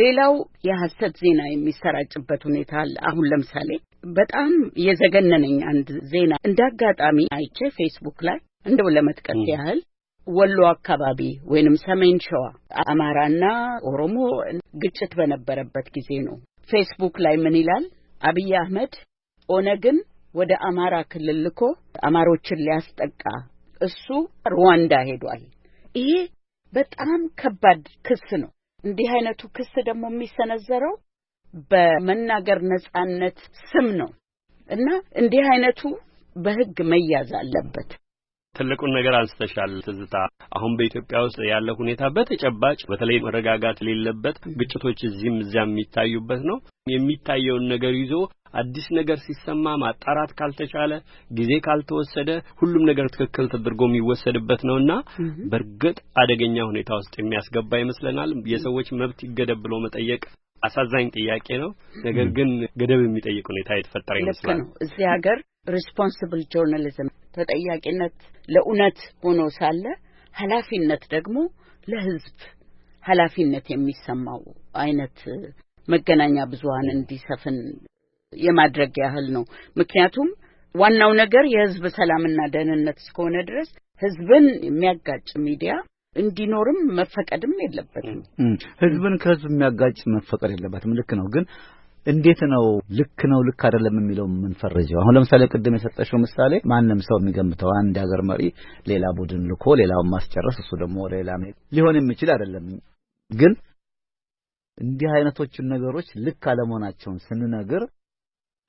ሌላው የሐሰት ዜና የሚሰራጭበት ሁኔታ አለ። አሁን ለምሳሌ በጣም የዘገነነኝ አንድ ዜና አጋጣሚ አይቼ ፌስቡክ ላይ እንደው ለመጥቀስ ያህል ወሎ አካባቢ ወይንም ሰሜን ሸዋ አማራና ኦሮሞ ግጭት በነበረበት ጊዜ ነው። ፌስቡክ ላይ ምን ይላል? አብይ አህመድ ኦነግን ወደ አማራ ክልል ልኮ አማሮችን ሊያስጠቃ እሱ ሩዋንዳ ሄዷል። ይሄ በጣም ከባድ ክስ ነው። እንዲህ አይነቱ ክስ ደግሞ የሚሰነዘረው በመናገር ነጻነት ስም ነው እና እንዲህ አይነቱ በህግ መያዝ አለበት። ትልቁን ነገር አንስተሻል ትዝታ። አሁን በኢትዮጵያ ውስጥ ያለው ሁኔታ በተጨባጭ በተለይ መረጋጋት የሌለበት ግጭቶች እዚህም እዚያም የሚታዩበት ነው። የሚታየውን ነገር ይዞ አዲስ ነገር ሲሰማ ማጣራት ካልተቻለ፣ ጊዜ ካልተወሰደ ሁሉም ነገር ትክክል ተደርጎ የሚወሰድበት ነውና በእርግጥ አደገኛ ሁኔታ ውስጥ የሚያስገባ ይመስለናል። የሰዎች መብት ይገደብ ብሎ መጠየቅ አሳዛኝ ጥያቄ ነው። ነገር ግን ገደብ የሚጠይቅ ሁኔታ የተፈጠረ ይመስላል። እዚህ ሀገር ሪስፖንስብል ጆርናሊዝም ተጠያቂነት ለእውነት ሆኖ ሳለ ኃላፊነት ደግሞ ለህዝብ ኃላፊነት የሚሰማው አይነት መገናኛ ብዙሃን እንዲሰፍን የማድረግ ያህል ነው። ምክንያቱም ዋናው ነገር የሕዝብ ሰላምና ደህንነት እስከሆነ ድረስ ህዝብን የሚያጋጭ ሚዲያ እንዲኖርም መፈቀድም የለበትም። ህዝብን ከህዝብ የሚያጋጭ መፈቀድ የለበትም። ልክ ነው ግን እንዴት ነው ልክ ነው ልክ አይደለም የሚለው የምንፈርጀው? አሁን ለምሳሌ ቅድም የሰጠሽው ምሳሌ ማንም ሰው የሚገምተው አንድ ሀገር መሪ ሌላ ቡድን ልኮ ሌላውን ማስጨረስ እሱ ደግሞ ወደ ሌላ ሊሆን የሚችል አይደለም። ግን እንዲህ አይነቶችን ነገሮች ልክ አለመሆናቸውን ስንነግር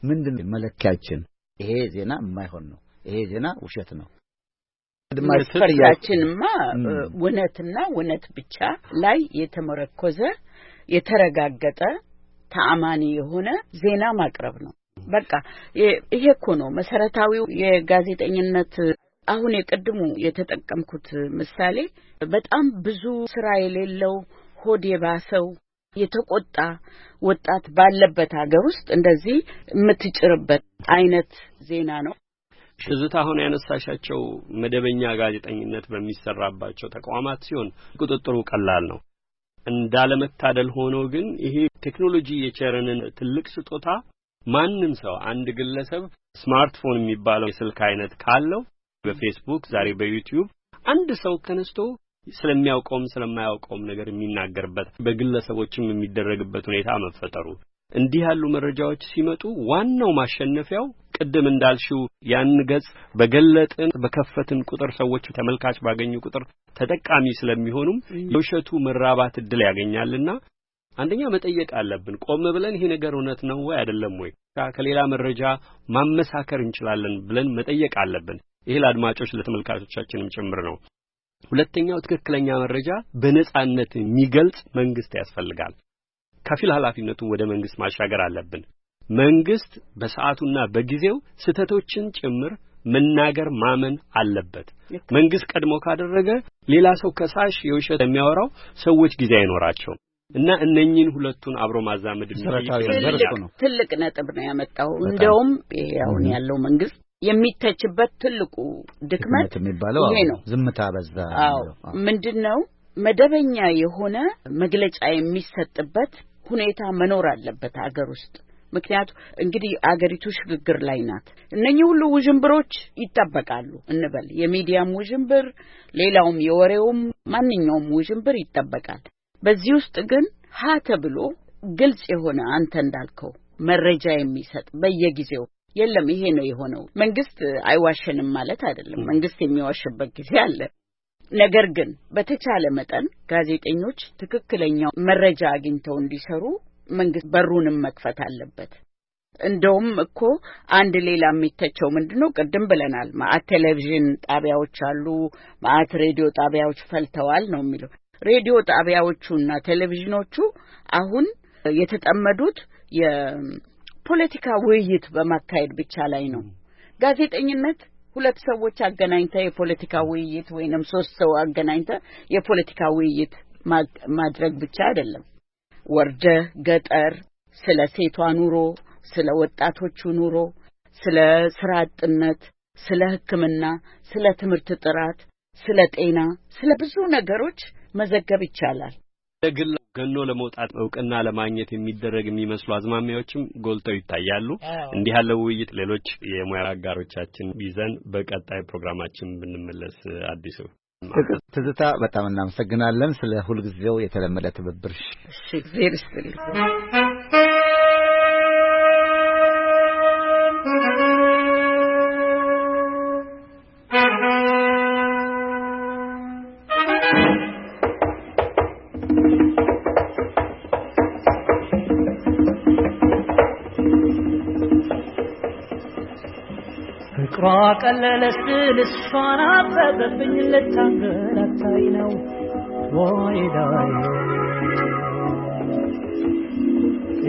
ምንድን ነው መለኪያችን? ይሄ ዜና የማይሆን ነው፣ ይሄ ዜና ውሸት ነው። ድማስፈሪያችንማ እውነትና እውነት ብቻ ላይ የተመረኮዘ የተረጋገጠ ተአማኒ የሆነ ዜና ማቅረብ ነው። በቃ ይሄ እኮ ነው መሰረታዊው የጋዜጠኝነት። አሁን የቅድሙ የተጠቀምኩት ምሳሌ በጣም ብዙ ስራ የሌለው ሆድ የባሰው የተቆጣ ወጣት ባለበት ሀገር ውስጥ እንደዚህ የምትጭርበት አይነት ዜና ነው። ትዝታ አሁን ያነሳሻቸው መደበኛ ጋዜጠኝነት በሚሰራባቸው ተቋማት ሲሆን ቁጥጥሩ ቀላል ነው። እንዳለመታደል ሆኖ ግን ይሄ ቴክኖሎጂ የቸረንን ትልቅ ስጦታ ማንም ሰው አንድ ግለሰብ ስማርትፎን የሚባለው የስልክ አይነት ካለው በፌስቡክ ዛሬ በዩቲዩብ አንድ ሰው ከነስቶ ስለሚያውቀውም ስለማያውቀውም ነገር የሚናገርበት በግለሰቦችም የሚደረግበት ሁኔታ መፈጠሩ እንዲህ ያሉ መረጃዎች ሲመጡ ዋናው ማሸነፊያው ቅድም እንዳልሽው ያን ገጽ በገለጥን በከፈትን ቁጥር ሰዎች ተመልካች ባገኙ ቁጥር ተጠቃሚ ስለሚሆኑም የውሸቱ መራባት እድል ያገኛልና አንደኛ መጠየቅ አለብን። ቆም ብለን ይሄ ነገር እውነት ነው ወይ አይደለም ወይ ከሌላ መረጃ ማመሳከር እንችላለን ብለን መጠየቅ አለብን። ይሄ ለአድማጮች ለተመልካቾቻችንም ጭምር ነው። ሁለተኛው ትክክለኛ መረጃ በነጻነት የሚገልጽ መንግስት ያስፈልጋል። ከፊል ኃላፊነቱን ወደ መንግስት ማሻገር አለብን። መንግሥት በሰዓቱና በጊዜው ስህተቶችን ጭምር መናገር ማመን አለበት። መንግሥት ቀድሞ ካደረገ ሌላ ሰው ከሳሽ የውሸት የሚያወራው ሰዎች ጊዜ አይኖራቸው እና እነኚህን ሁለቱን አብሮ ማዛመድ ትልቅ ነጥብ ነው ያመጣው። እንደውም ይሄ አሁን ያለው መንግሥት የሚተችበት ትልቁ ድክመት የሚባለው ይሄ ነው። ዝምታ በዛ። አዎ ምንድን ነው መደበኛ የሆነ መግለጫ የሚሰጥበት ሁኔታ መኖር አለበት አገር ውስጥ ምክንያቱ እንግዲህ አገሪቱ ሽግግር ላይ ናት። እነኚህ ሁሉ ውዥንብሮች ይጠበቃሉ እንበል። የሚዲያም ውዥንብር፣ ሌላውም የወሬውም ማንኛውም ውዥንብር ይጠበቃል። በዚህ ውስጥ ግን ሀ ተብሎ ግልጽ የሆነ አንተ እንዳልከው መረጃ የሚሰጥ በየጊዜው የለም። ይሄ ነው የሆነው። መንግስት አይዋሸንም ማለት አይደለም። መንግስት የሚዋሽበት ጊዜ አለ። ነገር ግን በተቻለ መጠን ጋዜጠኞች ትክክለኛው መረጃ አግኝተው እንዲሰሩ መንግስት በሩንም መክፈት አለበት። እንደውም እኮ አንድ ሌላ የሚተቸው ምንድን ነው? ቅድም ብለናል፣ ማአት ቴሌቪዥን ጣቢያዎች አሉ፣ ማአት ሬዲዮ ጣቢያዎች ፈልተዋል ነው የሚለው። ሬዲዮ ጣቢያዎቹና ቴሌቪዥኖቹ አሁን የተጠመዱት የፖለቲካ ውይይት በማካሄድ ብቻ ላይ ነው። ጋዜጠኝነት ሁለት ሰዎች አገናኝተ የፖለቲካ ውይይት ወይንም ሶስት ሰው አገናኝተ የፖለቲካ ውይይት ማድረግ ብቻ አይደለም። ወርደ ገጠር ስለ ሴቷ ኑሮ፣ ስለ ወጣቶቹ ኑሮ፣ ስለ ስራ አጥነት፣ ስለ ሕክምና፣ ስለ ትምህርት ጥራት፣ ስለ ጤና፣ ስለ ብዙ ነገሮች መዘገብ ይቻላል። ለግል ገኖ ለመውጣት እውቅና ለማግኘት የሚደረግ የሚመስሉ አዝማሚያዎችም ጎልተው ይታያሉ። እንዲህ ያለው ውይይት ሌሎች የሙያ አጋሮቻችን ይዘን በቀጣይ ፕሮግራማችን ብንመለስ አዲሱ ትዝታ በጣም እናመሰግናለን ስለ ሁልጊዜው የተለመደ ትብብርሽ። እግዜር ይስጥልኝ። ፍቅሯ ቀለለ ስል እሷን አበበብኝ ልታንገላታይ ነው ወይዳይ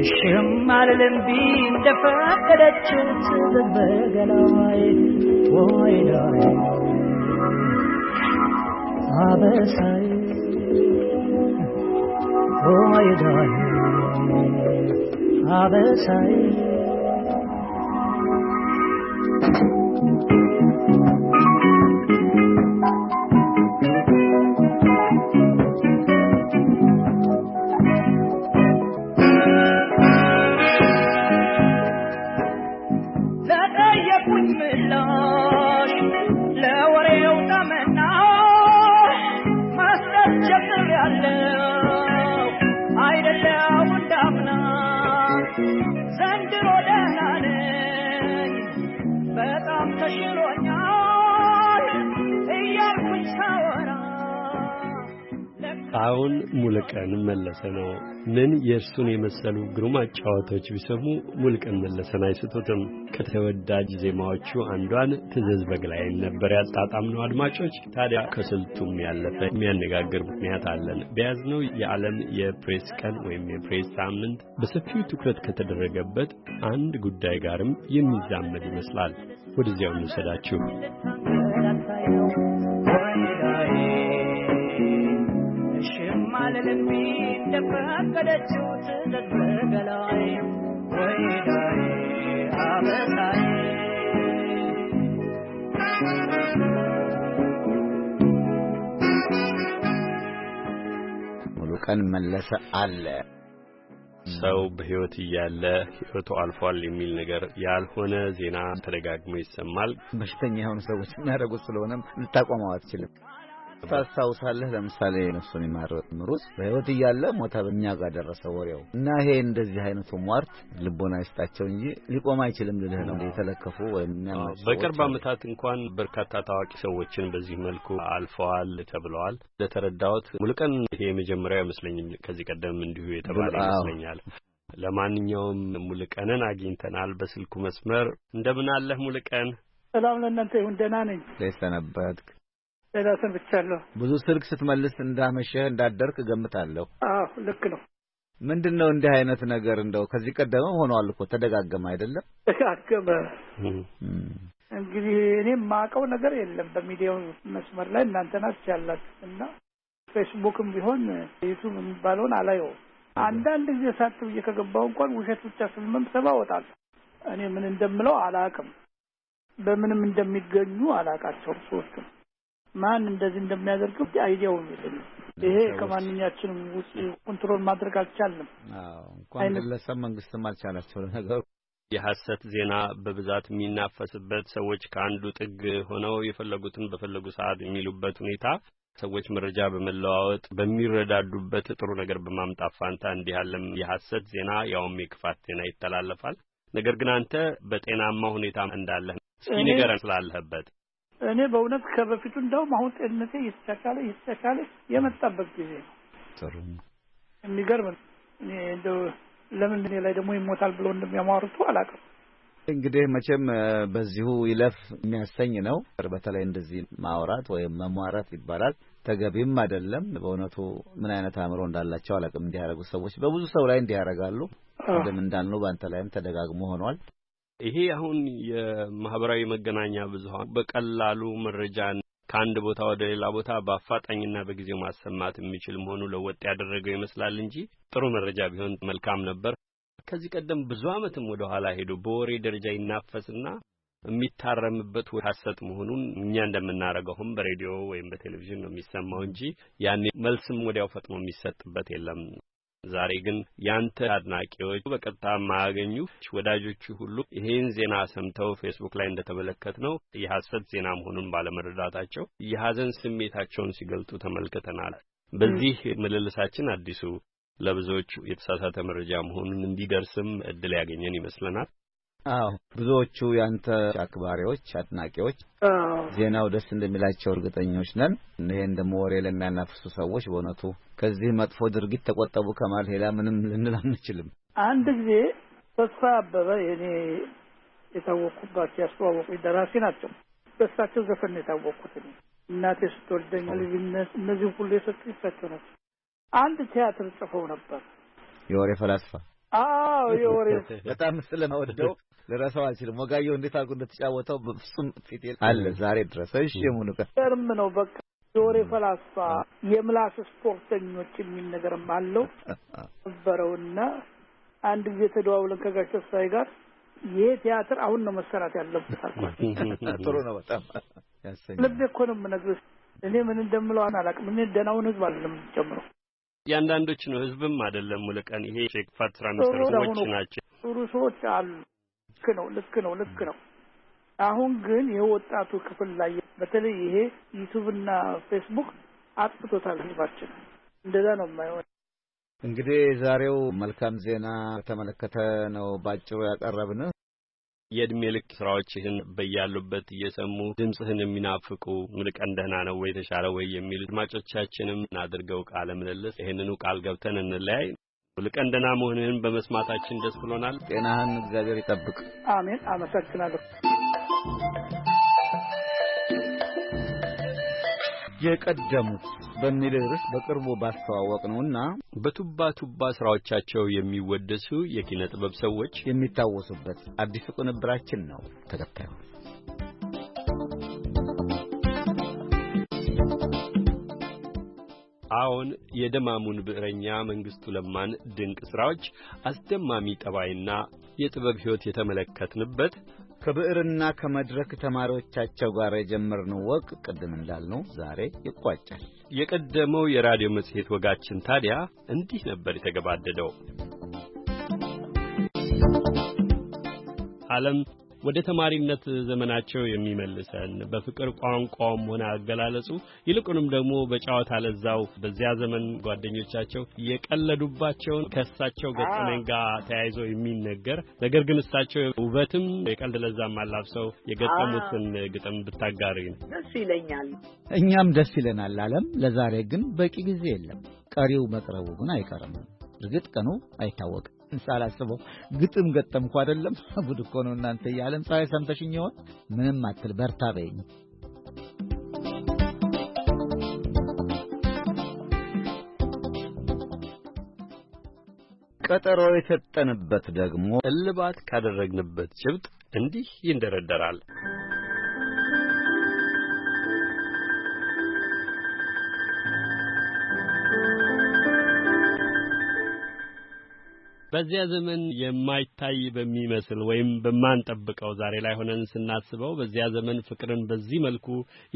እሽም አልልምቢ እንደፈቀደችው ትበገላዋይ ወይዳይ አበሳይ ወይዳይ አበሳይ Thank you. Thank you. አሁን ሙልቀን መለሰ ነው። ምን የእርሱን የመሰሉ ግሩም አጫዋቶች ቢሰሙ ሙልቀን መለሰን አይስቱትም። ከተወዳጅ ዜማዎቹ አንዷን ትዝዝ በግላይን ነበር ያጣጣም ነው። አድማጮች ታዲያ ከስልቱም ያለፈ የሚያነጋግር ምክንያት አለን። በያዝነው የዓለም የፕሬስ ቀን ወይም የፕሬስ ሳምንት በሰፊው ትኩረት ከተደረገበት አንድ ጉዳይ ጋርም የሚዛመድ ይመስላል። ወደዚያው እንውሰዳችሁ። ምንም ሙሉቀን መለሰ አለ። ሰው በህይወት እያለ ህይወቱ አልፏል የሚል ነገር ያልሆነ ዜና ተደጋግሞ ይሰማል። በሽተኛ የሆኑ ሰዎች የሚያደርጉት ስለሆነም ልታቆመው አትችልም። ታስታውሳለህ? ለምሳሌ ነፍሱን ይማር ምሩጽ በህይወት እያለ ሞታ በእኛ ጋር ደረሰ ወሬው እና ይሄ እንደዚህ አይነቱ ሟርት ልቦና ይስጣቸው እንጂ ሊቆም አይችልም ልልህ ነው። የተለከፉ ወይም በቅርብ አመታት እንኳን በርካታ ታዋቂ ሰዎችን በዚህ መልኩ አልፈዋል ተብለዋል። ለተረዳሁት ሙልቀን ይሄ የመጀመሪያው አይመስለኝም። ከዚህ ቀደም እንዲሁ የተባለ ይመስለኛል። ለማንኛውም ሙልቀንን አግኝተናል በስልኩ መስመር። እንደምን አለህ ሙሉቀን? ሰላም ለእናንተ ይሁን። ደህና ነኝ። ሰነበትክ? ሌላ ሰንብቻለሁ። ብዙ ስልክ ስትመልስ እንዳመሸህ እንዳደርክ እገምታለሁ። አዎ ልክ ነው። ምንድን ነው እንዲህ አይነት ነገር እንደው ከዚህ ቀደምም ሆኖ እኮ ተደጋገመ አይደለም? ተደጋገመ። እንግዲህ እኔ ማውቀው ነገር የለም በሚዲያው መስመር ላይ እናንተ ናችሁ ያላችሁ እና ፌስቡክም ቢሆን ዩቱብ የሚባለውን አላየውም። አንዳንድ ጊዜ ሳት ብዬ ከገባው እንኳን ውሸት ብቻ ስመምሰባ እወጣለሁ። እኔ ምን እንደምለው አላውቅም። በምንም እንደሚገኙ አላውቃቸውም ሰዎቹም ማን እንደዚህ እንደሚያደርገው አይዲያውም የለንም። ይሄ ከማንኛችንም ውጭ ኮንትሮል ማድረግ አልቻለም። እንኳን ግለሰብ መንግስትም አልቻላቸው። ለነገሩ የሐሰት ዜና በብዛት የሚናፈስበት ሰዎች ከአንዱ ጥግ ሆነው የፈለጉትን በፈለጉ ሰዓት የሚሉበት ሁኔታ ሰዎች መረጃ በመለዋወጥ በሚረዳዱበት ጥሩ ነገር በማምጣት ፋንታ እንዲህ ያለም የሐሰት ዜና ያውም የክፋት ዜና ይተላለፋል። ነገር ግን አንተ በጤናማ ሁኔታ እንዳለህ እስኪ ንገረን ስላለህበት እኔ በእውነት ከበፊቱ እንደውም አሁን ጤንነቴ እየተሻሻለ እየተሻሻለ የመጣበት ጊዜ ነው። ጥሩ የሚገርም እኔ እንደው ለምን እኔ ላይ ደግሞ ይሞታል ብሎ እንደሚያሟርቱ አላውቅም። እንግዲህ መቼም በዚሁ ይለፍ የሚያሰኝ ነው። በተለይ እንደዚህ ማውራት ወይም መሟረት ይባላል ተገቢም አይደለም። በእውነቱ ምን አይነት አእምሮ እንዳላቸው አላውቅም። እንዲያደርጉ ሰዎች በብዙ ሰው ላይ እንዲያደርጋሉ። ቅድም እንዳልነው በአንተ ላይም ተደጋግሞ ሆኗል። ይሄ አሁን የማህበራዊ መገናኛ ብዙሃን በቀላሉ መረጃን ከአንድ ቦታ ወደ ሌላ ቦታ በአፋጣኝና በጊዜው ማሰማት የሚችል መሆኑ ለወጥ ያደረገው ይመስላል እንጂ ጥሩ መረጃ ቢሆን መልካም ነበር። ከዚህ ቀደም ብዙ ዓመትም ወደ ኋላ ሄዶ በወሬ ደረጃ ይናፈስና የሚታረምበት ሐሰት መሆኑን እኛ እንደምናደርገውም በሬዲዮ ወይም በቴሌቪዥን ነው የሚሰማው እንጂ ያኔ መልስም ወዲያው ፈጥኖ የሚሰጥበት የለም። ዛሬ ግን ያንተ አድናቂዎች በቀጥታ የማያገኙ ወዳጆቹ ሁሉ ይህን ዜና ሰምተው ፌስቡክ ላይ እንደተመለከት ነው የሐሰት ዜና መሆኑን ባለመረዳታቸው የሐዘን ስሜታቸውን ሲገልጡ ተመልክተናል። በዚህ ምልልሳችን አዲሱ ለብዙዎች የተሳሳተ መረጃ መሆኑን እንዲደርስም እድል ያገኘን ይመስለናል። አዎ ብዙዎቹ ያንተ አክባሪዎች፣ አድናቂዎች ዜናው ደስ እንደሚላቸው እርግጠኞች ነን። ይሄን ደግሞ ወሬ ለሚያናፍሱ ሰዎች በእውነቱ ከዚህ መጥፎ ድርጊት ተቆጠቡ ከማለት ሌላ ምንም ልንል አንችልም። አንድ ጊዜ ተስፋ አበበ የኔ የታወቅኩባቸው ያስተዋወቁ ደራሲ ናቸው። በእሳቸው ዘፈን ነው የታወቅኩት። እናቴ ስትወልደኝ፣ ልጅነት፣ እነዚህም ሁሉ የሰጡ እሳቸው ናቸው። አንድ ቲያትር ጽፈው ነበር፣ የወሬ ፈላስፋ አዎ የወሬ [laughs] በጣም ስለመወደው ልረሳው አልችልም። ወጋየሁ እንዴት አድርጎ እንደተጫወተው በፍጹም ፊቴ አለ ዛሬ ድረስ። እሺ የሙሉ ቀርም ነው በቃ የወሬ ፈላስፋ፣ የምላስ ስፖርተኞች የሚል ነገርም አለው ነበረውና አንድ ጊዜ ተደዋውለን ከጋሽ ተስፋዬ ጋር ይሄ ቲያትር አሁን ነው መሰራት ያለበት አልኳቸው። [laughs] ጥሩ ነው በጣም ልቤ እኮ ነው የምነግርሽ። እኔ ምን እንደምለዋን አላውቅም። እኔ ደህናውን ህዝብ አለም ነው ያንዳንዶች ነው ህዝብም አይደለም። ሙልቀን ይሄ ሼክ ፋትራ የሚሰሩ ሰዎች ናቸው። ጥሩ ሰዎች አሉ። ልክ ነው፣ ልክ ነው፣ ልክ ነው። አሁን ግን ይሄ ወጣቱ ክፍል ላይ በተለይ ይሄ ዩቱብና ፌስቡክ አጥፍቶታል ህዝባችን። እንደዛ ነው የማይሆን እንግዲህ ዛሬው መልካም ዜና በተመለከተ ነው ባጭሩ ያቀረብንህ። የእድሜ ልክ ስራዎችህን በያሉበት እየሰሙ ድምፅህን የሚናፍቁ ምልቀን ደህና ነው ወይ የተሻለ ወይ የሚሉ አድማጮቻችንም እናድርገው ቃለ ምልልስ ይህንኑ ቃል ገብተን እንለያይ። ልቀን ደህና መሆንህን በመስማታችን ደስ ብሎናል። ጤናህን እግዚአብሔር ይጠብቅ። አሜን። አመሰግናለሁ። የቀደሙት በሚል ርዕስ በቅርቡ ባስተዋወቅ ነውና በቱባ ቱባ ስራዎቻቸው የሚወደሱ የኪነ ጥበብ ሰዎች የሚታወሱበት አዲስ ቅንብራችን ነው። ተከታዩ አሁን የደማሙን ብዕረኛ መንግሥቱ ለማን ድንቅ ሥራዎች አስደማሚ ጠባይና የጥበብ ሕይወት የተመለከትንበት ከብዕርና ከመድረክ ተማሪዎቻቸው ጋር የጀመርነው ወግ ቅድም እንዳልነው ዛሬ ይቋጫል። የቀደመው የራዲዮ መጽሔት ወጋችን ታዲያ እንዲህ ነበር የተገባደደው። ዓለም ወደ ተማሪነት ዘመናቸው የሚመልሰን በፍቅር ቋንቋውም ሆነ አገላለጹ ይልቁንም ደግሞ በጨዋታ ለዛው በዚያ ዘመን ጓደኞቻቸው የቀለዱባቸውን ከእሳቸው ገጠመኝ ጋር ተያይዞ የሚነገር ነገር ግን እሳቸው ውበትም የቀልድ ለዛም አላብሰው የገጠሙትን ግጥም ብታጋሪ ነው ደስ ይለኛል። እኛም ደስ ይለናል። አለም ለዛሬ ግን በቂ ጊዜ የለም። ቀሪው መቅረቡ ግን አይቀርም። እርግጥ ቀኑ አይታወቅም። ሳላስበው ግጥም ገጠምኩ አይደለም። [laughs] ቡድ እኮ ነው እናንተ። የዓለም ፀሐይ ሰምተሽኝ ይሆን? ምንም አትል በርታ በይኝ። ቀጠሮ የሰጠንበት ደግሞ እልባት ካደረግንበት ጭብጥ እንዲህ ይንደረደራል። በዚያ ዘመን የማይታይ በሚመስል ወይም በማንጠብቀው ዛሬ ላይ ሆነን ስናስበው በዚያ ዘመን ፍቅርን በዚህ መልኩ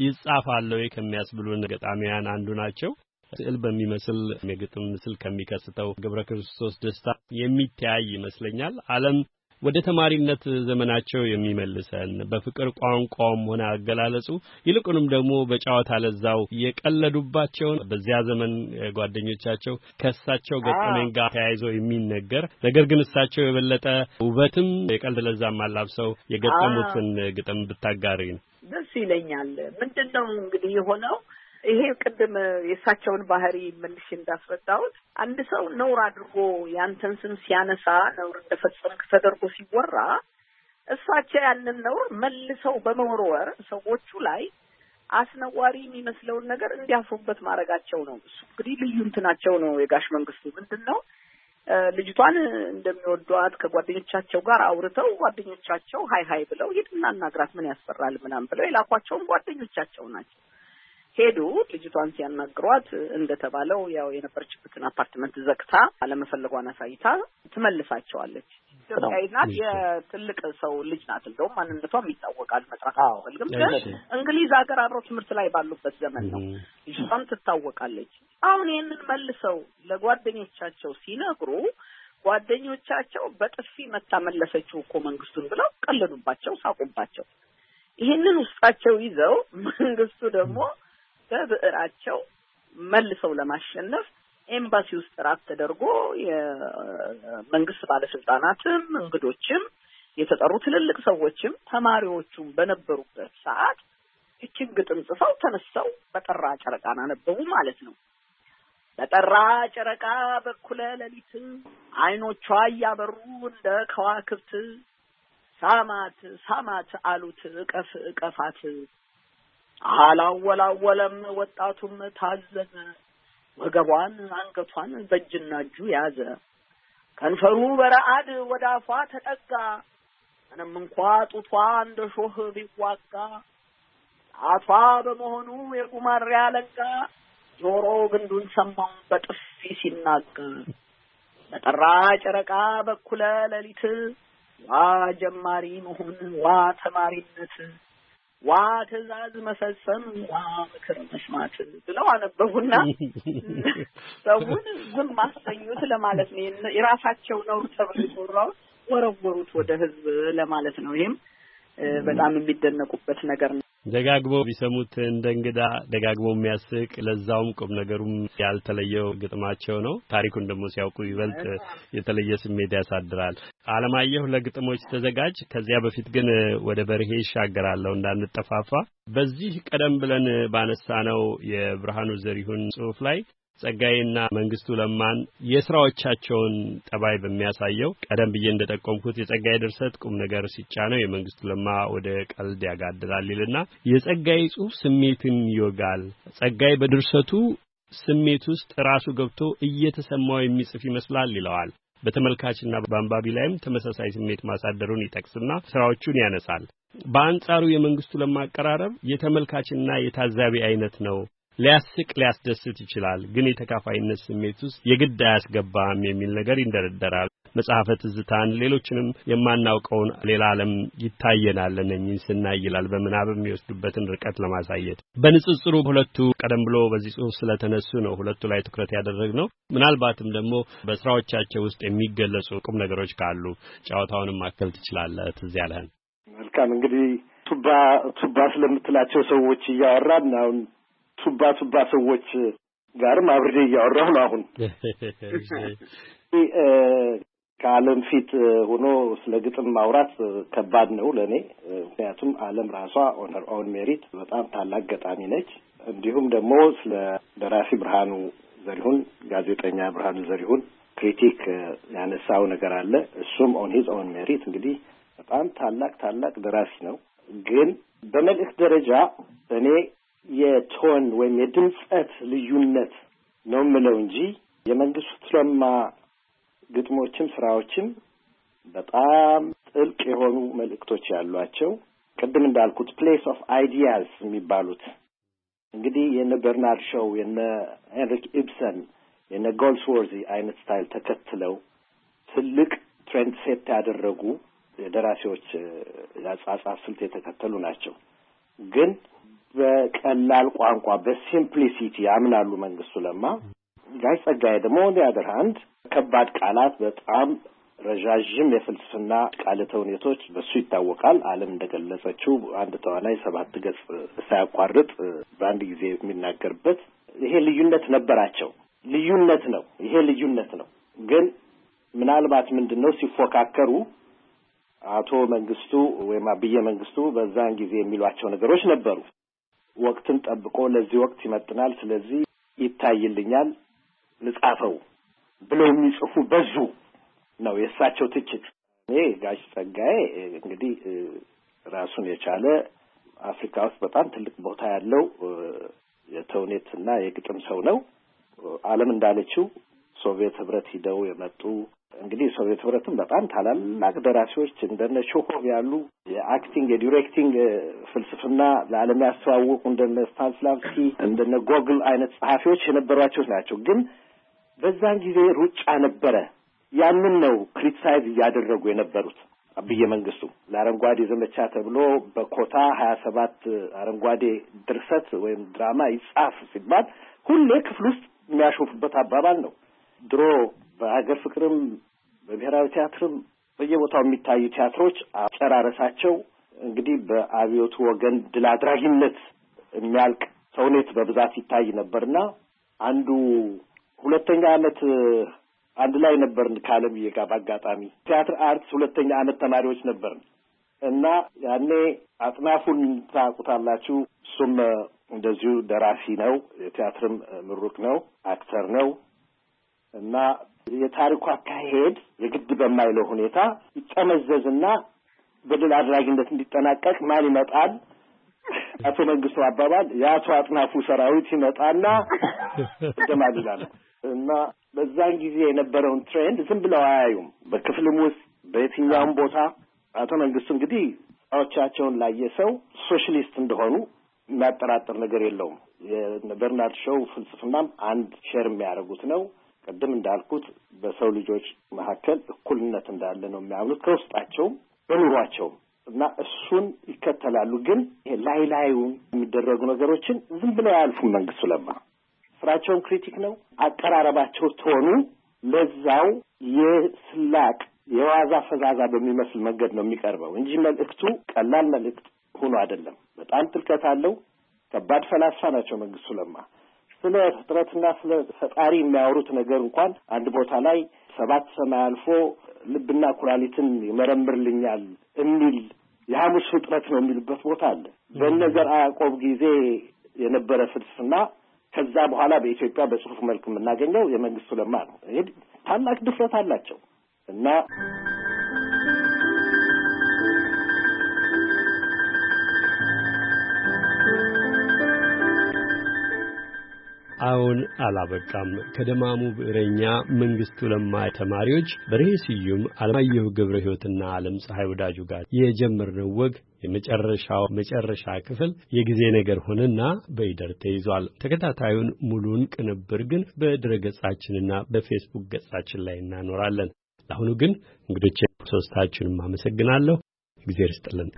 ይጻፋል ወይ ከሚያስብሉን ገጣሚያን አንዱ ናቸው። ስዕል በሚመስል የግጥም ምስል ከሚከስተው ገብረ ክርስቶስ ደስታ የሚተያይ ይመስለኛል። ዓለም ወደ ተማሪነት ዘመናቸው የሚመልሰን በፍቅር ቋንቋውም ሆነ አገላለጹ ይልቁንም ደግሞ በጨዋታ ለዛው የቀለዱባቸውን በዚያ ዘመን ጓደኞቻቸው ከእሳቸው ገጠመኝ ጋር ተያይዞ የሚነገር ነገር ግን እሳቸው የበለጠ ውበትም የቀልድ ለዛም አላብሰው የገጠሙትን ግጥም ብታጋሪ ነው ደስ ይለኛል። ምንድን ነው እንግዲህ የሆነው ይሄ ቅድም የእሳቸውን ባህሪ መልሽ እንዳስረዳሁት አንድ ሰው ነውር አድርጎ ያንተን ስም ሲያነሳ ነውር እንደፈጸምክ ተደርጎ ሲወራ እሳቸው ያንን ነውር መልሰው በመወርወር ሰዎቹ ላይ አስነዋሪ የሚመስለውን ነገር እንዲያፍሩበት ማድረጋቸው ነው። እሱ እንግዲህ ልዩ እንትናቸው ነው። የጋሽ መንግስቱ ምንድን ነው ልጅቷን እንደሚወዷት ከጓደኞቻቸው ጋር አውርተው ጓደኞቻቸው ሀይ ሀይ ብለው ሂድና እናግራት ምን ያስፈራል ምናምን ብለው የላኳቸውም ጓደኞቻቸው ናቸው። ሄዱ። ልጅቷን ሲያናግሯት እንደተባለው ያው የነበረችበትን አፓርትመንት ዘግታ አለመፈለጓን አሳይታ ትመልሳቸዋለች። ኢትዮጵያዊ ናት። የትልቅ ሰው ልጅ ናት። እንደውም ማንነቷም ይታወቃል። መጥራት አልፈልግም፣ ግን እንግሊዝ ሀገር አብረው ትምህርት ላይ ባሉበት ዘመን ነው። ልጅቷም ትታወቃለች። አሁን ይህንን መልሰው ለጓደኞቻቸው ሲነግሩ ጓደኞቻቸው በጥፊ መታ መለሰችው እኮ መንግስቱን ብለው ቀለዱባቸው፣ ሳቁባቸው። ይህንን ውስጣቸው ይዘው መንግስቱ ደግሞ በብዕራቸው መልሰው ለማሸነፍ ኤምባሲ ውስጥ ጥራት ተደርጎ የመንግስት ባለስልጣናትም እንግዶችም የተጠሩ ትልልቅ ሰዎችም ተማሪዎቹም በነበሩበት ሰዓት እችን ግጥም ጽፈው ተነስተው በጠራ ጨረቃ አነበቡ ማለት ነው። በጠራ ጨረቃ በኩለ ሌሊት አይኖቿ እያበሩ እንደ ከዋክብት ሳማት ሳማት አሉት እቀፍ እቀፋት አላወላወለም። ወጣቱም ታዘዘ። ወገቧን አንገቷን በእጅና እጁ ያዘ። ከንፈሩ በረአድ ወደ አፏ ተጠጋ። ምንም እንኳ ጡቷ እንደ ሾህ ቢዋጋ ጣቷ በመሆኑ የጉማሬ አለንጋ ጆሮ ግንዱን ሰማው በጥፊ ሲናገር በጠራ ጨረቃ በኩለ ሌሊት ዋ ጀማሪ መሆን ዋ ተማሪነት ዋ ትእዛዝ መፈጸም ዋ ምክር መስማት ብለው አነበቡና [laughs] ሰውን ዝም ማሰኙት ለማለት ነው። የራሳቸው ነው ተብሎ የተወራውን ወረወሩት ወደ ህዝብ ለማለት ነው። ይህም በጣም የሚደነቁበት ነገር ነው። ደጋግሞ ቢሰሙት እንደ እንግዳ ደጋግሞ የሚያስቅ ለዛውም ቁም ነገሩም ያልተለየው ግጥማቸው ነው። ታሪኩን ደግሞ ሲያውቁ ይበልጥ የተለየ ስሜት ያሳድራል። አለማየሁ ለግጥሞች ተዘጋጅ። ከዚያ በፊት ግን ወደ በርሄ ይሻገራለሁ እንዳንጠፋፋ። በዚህ ቀደም ብለን ባነሳ ነው የብርሃኑ ዘሪሁን ጽሁፍ ላይ ጸጋዬና መንግስቱ ለማን የስራዎቻቸውን ጠባይ በሚያሳየው ቀደም ብዬ እንደጠቆምኩት የጸጋዬ ድርሰት ቁም ነገር ነው የመንግስቱ ለማ ወደ ቀልድ ያጋድላል ይልና የጸጋዬ ጽሁፍ ስሜትን ይወጋል። ጸጋዬ በድርሰቱ ስሜት ውስጥ ራሱ ገብቶ እየተሰማው የሚጽፍ ይመስላል ይለዋል። በተመልካችና በአንባቢ ላይም ተመሳሳይ ስሜት ማሳደሩን ይጠቅስና ስራዎቹን ያነሳል። በአንጻሩ የመንግስቱ ለማ አቀራረብ የተመልካችና የታዛቢ አይነት ነው ሊያስቅ ሊያስደስት ይችላል፣ ግን የተካፋይነት ስሜት ውስጥ የግድ አያስገባም የሚል ነገር ይንደረደራል። መጽሐፈ ትዝታን ሌሎችንም የማናውቀውን ሌላ ዓለም ይታየናል እነኝህን ስናይ ይላል በምናብ የሚወስዱበትን ርቀት ለማሳየት በንጽጽሩ ሁለቱ ቀደም ብሎ በዚህ ጽሑፍ ስለተነሱ ነው ሁለቱ ላይ ትኩረት ያደረግነው። ምናልባትም ደግሞ በስራዎቻቸው ውስጥ የሚገለጹ ቁም ነገሮች ካሉ ጨዋታውንም ማከል ትችላለህ። ትዝ ያለህን መልካም እንግዲህ ቱባ ቱባ ስለምትላቸው ሰዎች እያወራን አሁን ቱባ ቱባ ሰዎች ጋርም አብሬ እያወራሁ ነው። አሁን [laughs] ከዓለም ፊት ሆኖ ስለ ግጥም ማውራት ከባድ ነው ለእኔ። ምክንያቱም ዓለም ራሷ ኦነር ኦን ሜሪት በጣም ታላቅ ገጣሚ ነች። እንዲሁም ደግሞ ስለ ደራሲ ብርሃኑ ዘሪሁን፣ ጋዜጠኛ ብርሃኑ ዘሪሁን ክሪቲክ ያነሳው ነገር አለ። እሱም ኦን ሂዝ ኦን ሜሪት እንግዲህ በጣም ታላቅ ታላቅ ደራሲ ነው። ግን በመልእክት ደረጃ እኔ የቶን ወይም የድምጸት ልዩነት ነው የምለው እንጂ የመንግስቱ ለማ ግጥሞችም ስራዎችም በጣም ጥልቅ የሆኑ መልእክቶች ያሏቸው ቅድም እንዳልኩት ፕሌስ ኦፍ አይዲያስ የሚባሉት እንግዲህ የነ በርናርድ ሾው የነ ሄንሪክ ኢብሰን የነ ጎልስወርዚ አይነት ስታይል ተከትለው ትልቅ ትሬንድ ሴት ያደረጉ የደራሲዎች የአጻጻፍ ስልት የተከተሉ ናቸው ግን በቀላል ቋንቋ በሲምፕሊሲቲ ያምናሉ መንግስቱ ለማ። ጋሽ ጸጋዬ ደግሞ አደር አንድ ከባድ ቃላት በጣም ረዣዥም የፍልስፍና ቃለ ተውኔቶች በሱ ይታወቃል። ዓለም እንደገለጸችው አንድ ተዋናይ ሰባት ገጽ ሳያቋርጥ በአንድ ጊዜ የሚናገርበት ይሄ ልዩነት ነበራቸው። ልዩነት ነው፣ ይሄ ልዩነት ነው። ግን ምናልባት ምንድን ነው ሲፎካከሩ አቶ መንግስቱ ወይም አብዬ መንግስቱ በዛን ጊዜ የሚሏቸው ነገሮች ነበሩ። ወቅትን ጠብቆ ለዚህ ወቅት ይመጥናል፣ ስለዚህ ይታይልኛል፣ ልጻፈው ብሎ የሚጽፉ በዙ ነው የእሳቸው ትችት። እኔ ጋሽ ጸጋዬ እንግዲህ ራሱን የቻለ አፍሪካ ውስጥ በጣም ትልቅ ቦታ ያለው የተውኔትና የግጥም ሰው ነው። ዓለም እንዳለችው ሶቪየት ህብረት ሂደው የመጡ እንግዲህ ሶቪየት ህብረትም በጣም ታላላቅ ደራሲዎች እንደነ ቾኮቭ ያሉ የአክቲንግ የዲሬክቲንግ ፍልስፍና ለዓለም ያስተዋወቁ እንደነ ስታንስላቭስኪ እንደነ ጎግል አይነት ጸሐፊዎች የነበሯቸው ናቸው። ግን በዛን ጊዜ ሩጫ ነበረ። ያንን ነው ክሪቲሳይዝ እያደረጉ የነበሩት። አብየ መንግስቱ ለአረንጓዴ ዘመቻ ተብሎ በኮታ ሀያ ሰባት አረንጓዴ ድርሰት ወይም ድራማ ይጻፍ ሲባል ሁሌ ክፍል ውስጥ የሚያሾፉበት አባባል ነው። ድሮ በሀገር ፍቅርም በብሔራዊ ቲያትርም በየቦታው የሚታዩ ቲያትሮች አጨራረሳቸው እንግዲህ በአብዮቱ ወገን ድል አድራጊነት የሚያልቅ ተውኔት በብዛት ይታይ ነበርና አንዱ ሁለተኛ ዓመት አንድ ላይ ነበርን ከአለምዬ ጋር በአጋጣሚ ቲያትር አርት ሁለተኛ ዓመት ተማሪዎች ነበርን እና ያኔ አጥናፉን ታውቁታላችሁ። እሱም እንደዚሁ ደራሲ ነው፣ የቲያትርም ምሩቅ ነው፣ አክተር ነው። እና የታሪኩ አካሄድ የግድ በማይለው ሁኔታ ይጠመዘዝና በድል አድራጊነት እንዲጠናቀቅ ማን ይመጣል? አቶ መንግስቱ አባባል የአቶ አጥናፉ ሰራዊት ይመጣና ደማል ይላሉ እና በዛን ጊዜ የነበረውን ትሬንድ ዝም ብለው አያዩም። በክፍልም ውስጥ በየትኛውም ቦታ አቶ መንግስቱ እንግዲህ ዎቻቸውን ላየ ሰው ሶሻሊስት እንደሆኑ የሚያጠራጥር ነገር የለውም። የበርናርድ ሾው ፍልስፍናም አንድ ሼር የሚያደርጉት ነው። ቅድም እንዳልኩት በሰው ልጆች መካከል እኩልነት እንዳለ ነው የሚያምኑት ከውስጣቸውም በኑሯቸውም እና እሱን ይከተላሉ። ግን ላይ ላዩን የሚደረጉ ነገሮችን ዝም ብለው አያልፉም። መንግስቱ ለማ ስራቸውም ክሪቲክ ነው። አቀራረባቸው ተሆኑ ለዛው የስላቅ የዋዛ ፈዛዛ በሚመስል መንገድ ነው የሚቀርበው እንጂ መልእክቱ ቀላል መልእክት ሆኖ አይደለም። በጣም ጥልቀት አለው። ከባድ ፈላስፋ ናቸው መንግስቱ ለማ። ስለ ፍጥረትና ስለ ፈጣሪ የሚያወሩት ነገር እንኳን አንድ ቦታ ላይ ሰባት ሰማይ አልፎ ልብና ኩላሊትን ይመረምርልኛል የሚል የሐሙስ ፍጥረት ነው የሚልበት ቦታ አለ። በነዘር አያቆብ ጊዜ የነበረ ፍልስፍና ከዛ በኋላ በኢትዮጵያ በጽሁፍ መልክ የምናገኘው የመንግስቱ ለማ ነው። ይሄ ታላቅ ድፍረት አላቸው እና አዎን አላበቃም። ከደማሙ ብዕረኛ መንግስቱ ለማ ተማሪዎች በርሄ ስዩም፣ አለማየሁ ገብረ ሕይወትና ዓለም ፀሐይ ወዳጁ ጋር የጀመርነው ወግ የመጨረሻው መጨረሻ ክፍል የጊዜ ነገር ሆነና በይደር ተይዟል። ተከታታዩን ሙሉን ቅንብር ግን በድረገጻችንና በፌስቡክ ገጻችን ላይ እናኖራለን። ለአሁኑ ግን እንግዶቼ ሶስታችሁንም አመሰግናለሁ። እግዜር ይስጥልን።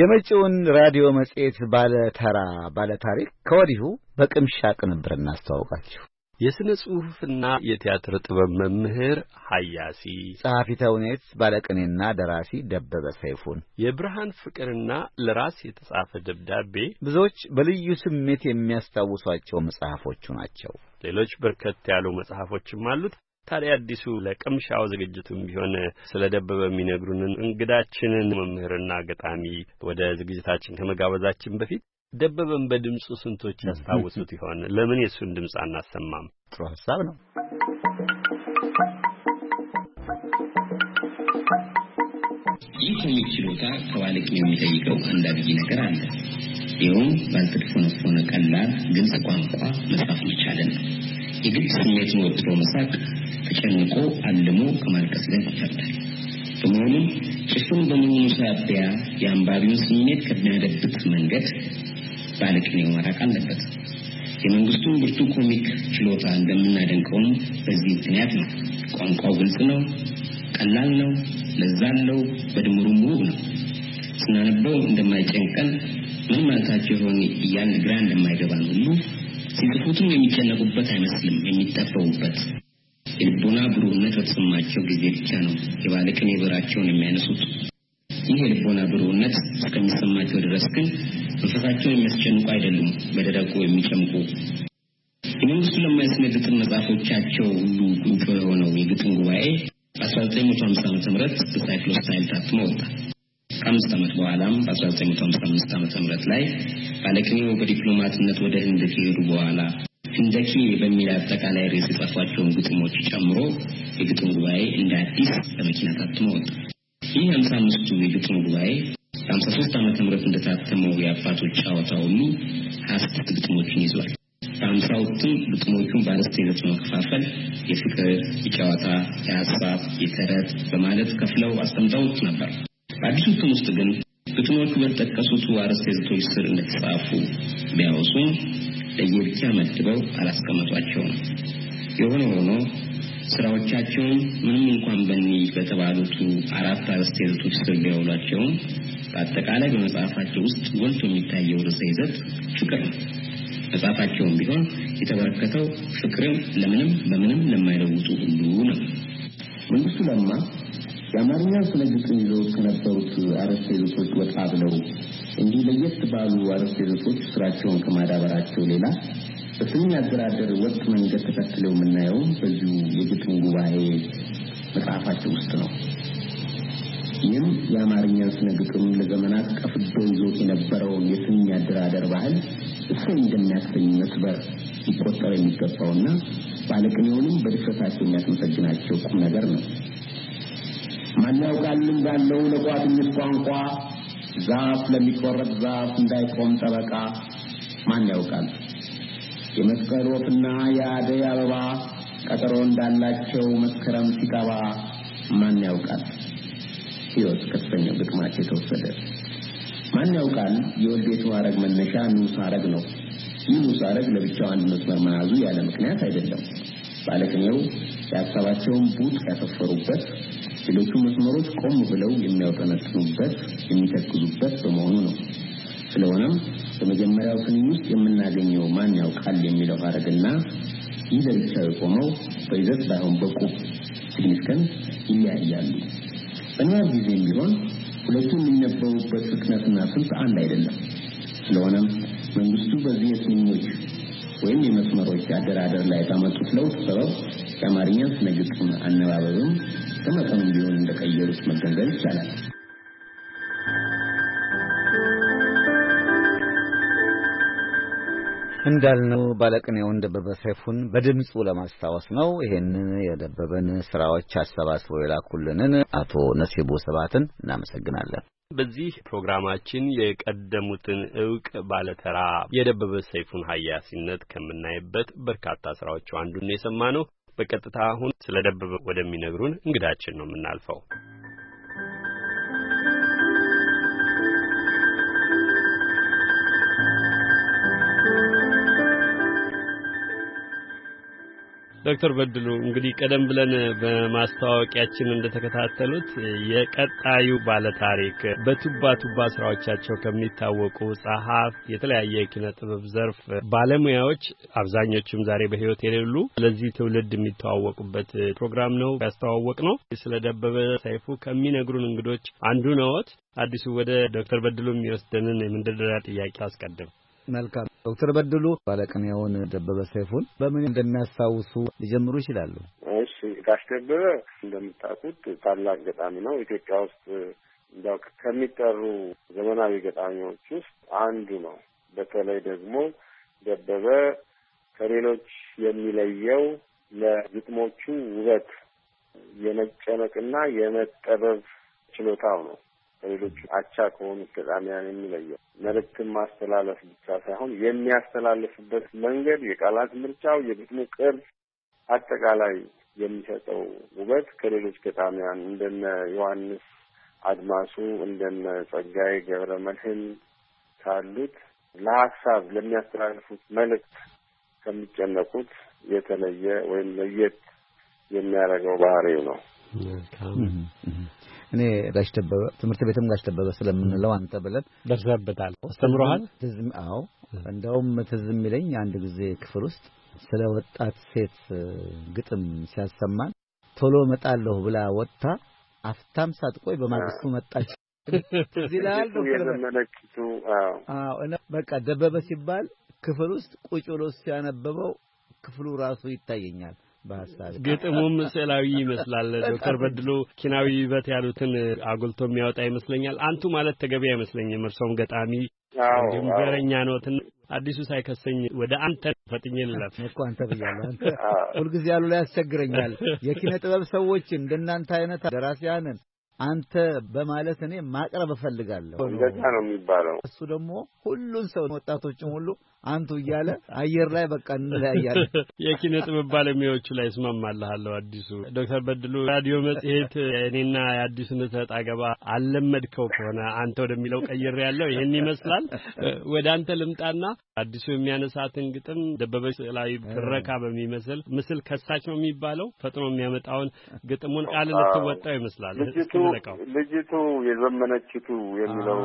የመጪውን ራዲዮ መጽሔት ባለተራ ባለታሪክ ከወዲሁ በቅምሻ ቅንብር እናስተዋውቃችሁ። የሥነ ጽሑፍና የቲያትር ጥበብ መምህር ሐያሲ ጸሐፊ ተውኔት ባለቅኔና ደራሲ ደበበ ሰይፉን የብርሃን ፍቅርና ለራስ የተጻፈ ደብዳቤ ብዙዎች በልዩ ስሜት የሚያስታውሷቸው መጽሐፎቹ ናቸው። ሌሎች በርከት ያሉ መጽሐፎችም አሉት። ታዲያ አዲሱ ለቅምሻው ዝግጅቱም ቢሆን ስለ ደበበ የሚነግሩንን እንግዳችንን መምህርና ገጣሚ ወደ ዝግጅታችን ከመጋበዛችን በፊት ደበበን በድምፁ ስንቶች ያስታውሱት ይሆን? ለምን የእሱን ድምፅ አናሰማም? ጥሩ ሀሳብ ነው። ይህ ኮሚክ ችሎታ ተዋልቅም የሚጠይቀው አንድ አብይ ነገር አለ። ይኸውም ባልተድፎነፎነ ቀላል ግልጽ ቋንቋ መጻፍ መቻልን ነው። የግድ ስሜቱን ወጥሮ መሳቅ ተጨንቆ አልሞ ከማልቀስ ጋር ይፈርዳል። በመሆኑም ጭፍን በመሆኑ ሳቢያ የአንባቢውን ስሜት ከሚያደብቅ መንገድ ባለቅኔው መራቅ አለበት። የመንግስቱን ብርቱ ኮሚክ ችሎታ እንደምናደንቀውም በዚህ ምክንያት ነው። ቋንቋው ግልጽ ነው፣ ቀላል ነው፣ ለዛ አለው፣ በድምሩም ውብ ነው። ስናነበው እንደማይጨንቀን ምን ማለታቸው ይሆን እያልን ግራ እንደማይገባን ሁሉ ሲጽፉትም የሚጨነቁበት አይመስልም የሚጠበቡበት የልቦና ብሩህነት በተሰማቸው ጊዜ ብቻ ነው የባለቅኔ ብራቸውን የሚያነሱት። ይህ የልቦና ብሩህነት እስከሚሰማቸው ድረስ ግን መንፈሳቸውን የሚያስጨንቁ አይደሉም፣ በደረቁ የሚጨምቁ የመንግስቱ ለማ ያስነግጥን መጽሐፎቻቸው ሁሉ ቁንጮ የሆነው የግጥም ጉባኤ በ1950 ዓ ም በሳይክሎስታይል ታትሞ ወጣል። ከአምስት ዓመት በኋላም በ1955 ዓመተ ምህረት ላይ ባለቅኔው በዲፕሎማትነት ወደ ህንድ ከሄዱ በኋላ ህንደኬ በሚል አጠቃላይ ርዕስ የጻፏቸውን ግጥሞች ጨምሮ የግጥም ጉባኤ እንደ አዲስ በመኪና ታትሞ ወጣ። ይህ ሀምሳ አምስቱ የግጥም ጉባኤ በሀምሳ ሶስት ዓመተ ምህረት እንደታተመው የአባቶች ጨዋታ ሁሉ ሀያ ስድስት ግጥሞችን ይዟል። በአምሳዎቹም ግጥሞቹን በአምስት ይዘት በመከፋፈል የፍቅር፣ የጨዋታ፣ የሀሳብ፣ የተረት በማለት ከፍለው አስቀምጠውት ነበር። በአዲሱ እትም ውስጥ ግን ግጥሞቹ በተጠቀሱት አርዕስተ ዘቶች ስር እንደተጻፉ ቢያወሱ ለየብቻ መድበው አላስቀመጧቸውም። የሆነ ሆኖ ስራዎቻቸውን ምንም እንኳን በኒህ በተባሉቱ አራት አርዕስተ ዘቶች ስር ቢያውሏቸውም በአጠቃላይ በመጽሐፋቸው ውስጥ ጎልቶ የሚታየው ርዕሰ ይዘት ፍቅር ነው። መጽሐፋቸውም ቢሆን የተበረከተው ፍቅርን ለምንም በምንም ለማይለውጡ ሁሉ ነው። መንግስቱ ለማ የአማርኛ ስነ ግጥም ይዘው ከነበሩት አረፍተ ርዕሶች ወጣ ብለው እንዲህ ለየት ባሉ አረፍተ ርዕሶች ስራቸውን ከማዳበራቸው ሌላ በስንኝ አደራደር ወጥ መንገድ ተከትለው የምናየው በዚሁ የግጥም ጉባኤ መጽሐፋቸው ውስጥ ነው። ይህም የአማርኛ ስነ ግጥም ለዘመናት ቀፍዶ ይዞት የነበረውን የስንኝ አደራደር ባህል እሰይ እንደሚያሰኝ መስበር ሊቆጠር የሚገባውና ባለቅኔውንም በድፍረታቸው የሚያስመሰግናቸው ቁም ነገር ነው። ማናውቃልን ባለው ለቋጥኞች ቋንቋ ዛፍ ለሚቆረጥ ዛፍ እንዳይቆም ጠበቃ ማን ያውቃል? የመስቀል ወፍና የአደይ አበባ ቀጠሮ እንዳላቸው መስከረም ሲጠባ ማን ያውቃል? ሕይወት ከተሰኘው ግጥማቸው የተወሰደ ማን ያውቃል? የወልዴቱ ማረግ መነሻ ንዑስ አረግ ነው። ይህ ንዑስ አረግ ለብቻው አንድ መስመር መያዙ ያለ ምክንያት አይደለም። ባለቅኔው የሀሳባቸውን ቡጥ ያሰፈሩበት ሌሎቹ መስመሮች ቆም ብለው የሚያውጠነጥኑበት የሚተክዙበት በመሆኑ ነው። ስለሆነም በመጀመሪያው ስንኝ ውስጥ የምናገኘው ማን ያውቃል የሚለው ሀረግና ይህ ለብቻው የቆመው በይዘት ባይሆን በቁብ ሲግኒፊከንስ ይለያያሉ። በንባብ ጊዜም ቢሆን ሁለቱ የሚነበቡበት ፍጥነትና ስልት አንድ አይደለም። ስለሆነም መንግስቱ በዚህ የትኞች ወይም የመስመሮች አደራደር ላይ ባመጡት ለውጥ ሰበብ የአማርኛ ስነ ግጥም አነባበብም በመጠኑም ቢሆን እንደቀየሩት መገንዘብ ይቻላል። እንዳልነው ባለቅኔውን ደበበ ሰይፉን በድምፁ ለማስታወስ ነው። ይሄንን የደበበን ስራዎች አሰባስበው የላኩልንን አቶ ነሲቡ ሰባትን እናመሰግናለን። በዚህ ፕሮግራማችን የቀደሙትን እውቅ ባለተራ የደበበ ሰይፉን ሀያሲነት ከምናይበት በርካታ ስራዎቹ አንዱን የሰማ ነው። በቀጥታ አሁን ስለ ደበበ ወደሚነግሩን እንግዳችን ነው የምናልፈው። ዶክተር በድሉ እንግዲህ ቀደም ብለን በማስተዋወቂያችን እንደተከታተሉት የቀጣዩ ባለታሪክ በቱባ ቱባ ስራዎቻቸው ከሚታወቁ ጸሐፍ የተለያየ ኪነ ጥበብ ዘርፍ ባለሙያዎች አብዛኞቹም ዛሬ በህይወት የሌሉ ለዚህ ትውልድ የሚተዋወቁበት ፕሮግራም ነው ያስተዋወቅ ነው። ስለ ደበበ ሰይፉ ከሚነግሩን እንግዶች አንዱ ነዎት። አዲሱ ወደ ዶክተር በድሉ የሚወስደንን የመንደርደሪያ ጥያቄ አስቀድም መልካም ዶክተር በድሉ ባለቅኔውን ደበበ ሰይፉን በምን እንደሚያስታውሱ ሊጀምሩ ይችላሉ? እሺ ጋሽ ደበበ እንደምታውቁት ታላቅ ገጣሚ ነው። ኢትዮጵያ ውስጥ እንዲያው ከሚጠሩ ዘመናዊ ገጣሚዎች ውስጥ አንዱ ነው። በተለይ ደግሞ ደበበ ከሌሎች የሚለየው ለግጥሞቹ ውበት የመጨነቅና የመጠበብ ችሎታው ነው። ከሌሎቹ አቻ ከሆኑት ገጣሚያን የሚለየው መልእክትን ማስተላለፍ ብቻ ሳይሆን የሚያስተላልፍበት መንገድ፣ የቃላት ምርጫው፣ የግጥሙ ቅርጽ አጠቃላይ የሚሰጠው ውበት ከሌሎች ገጣሚያን እንደነ ዮሐንስ አድማሱ እንደነ ጸጋዬ ገብረ መድኅን ካሉት ለሀሳብ ለሚያስተላልፉት መልእክት ከሚጨነቁት የተለየ ወይም ለየት የሚያደርገው ባህሪው ነው። እኔ ጋሽ ደበበ ትምህርት ቤትም ጋሽ ደበበ ስለምንለው አንተ ብለን ደርሰበታል። አስተምሮሃል? አዎ፣ እንደውም ትዝ የሚለኝ አንድ ጊዜ ክፍል ውስጥ ስለ ወጣት ሴት ግጥም ሲያሰማን ቶሎ እመጣለሁ ብላ ወጥታ አፍታም ሳትቆይ በማግስቱ መጣች። [laughs] እዚህ ላይ የምመለክቱ በቃ ደበበ ሲባል ክፍል ውስጥ ቁጭ ብሎ ሲያነበበው ክፍሉ ራሱ ይታየኛል። ግጥሙም ስዕላዊ ይመስላል። ዶክተር በድሉ ኪናዊ ይበት ያሉትን አጉልቶ የሚያወጣ ይመስለኛል። አንቱ ማለት ተገቢ አይመስለኝም። እርሶም ገጣሚ እንዲሁም ዘረኛ ኖትን አዲሱ ሳይከሰኝ ወደ አንተ ፈጥኜ ልለፍ እኮ አንተ ብያለሁ። ሁልጊዜ ያሉ ላይ ያስቸግረኛል። የኪነ ጥበብ ሰዎችን እንደናንተ አይነት ደራሲያንን አንተ በማለት እኔ ማቅረብ እፈልጋለሁ። እንደዛ ነው የሚባለው። እሱ ደግሞ ሁሉን ሰው ወጣቶችን ሁሉ አንቱ እያለ አየር ላይ በቃ እንለያያለን። [laughs] የኪነ ጥበብ ባለሙያዎቹ ላይ እስማማልሃለሁ። አዲሱ ዶክተር በድሉ ራዲዮ መጽሔት እኔና የአዲሱን ሰጥ አገባ አለመድከው ከሆነ አንተ ወደሚለው ቀይሬ ያለው ይህን ይመስላል። ወደ አንተ ልምጣና አዲሱ የሚያነሳትን ግጥም ደበበች ስዕላዊ ትረካ በሚመስል ምስል ከሳች ነው የሚባለው ፈጥኖ የሚያመጣውን ግጥሙን ቃል ልትወጣው ይመስላል። ልጅቱ ልጅቱ የዘመነችቱ የሚለው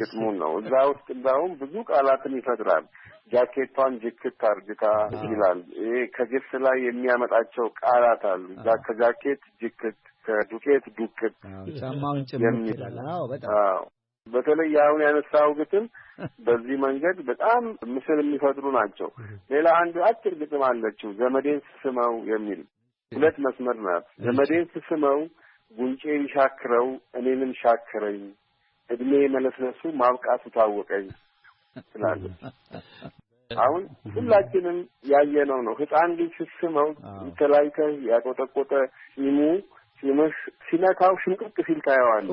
ግጥሙን ነው። እዛ ውስጥ እንዳውም ብዙ ቃላትን ይፈጥራል። ጃኬቷን ጅክት አርግታ ይላል። ይሄ ከግስ ላይ የሚያመጣቸው ቃላት አሉ። ከጃኬት ጅክት፣ ከዱቄት ዱቅት፣ ጫማውን ይላል። በጣም በተለይ አሁን ያነሳው ግጥም በዚህ መንገድ በጣም ምስል የሚፈጥሩ ናቸው። ሌላ አንድ አጭር ግጥም አለችው ዘመዴን ስስመው የሚል ሁለት መስመር ናት። ዘመዴን ስስመው ጉንጬን ሻክረው እኔንም ሻክረኝ፣ እድሜ መለስለሱ ማብቃቱ ታወቀኝ ትላለች። አሁን ሁላችንም ያየነው ነው። ህፃን ልጅ ስስመው ተላይተ ያቆጠቆጠ ሲሙ ሲመሽ ሲነካው ሽምቅቅ ሲል ታየዋለ።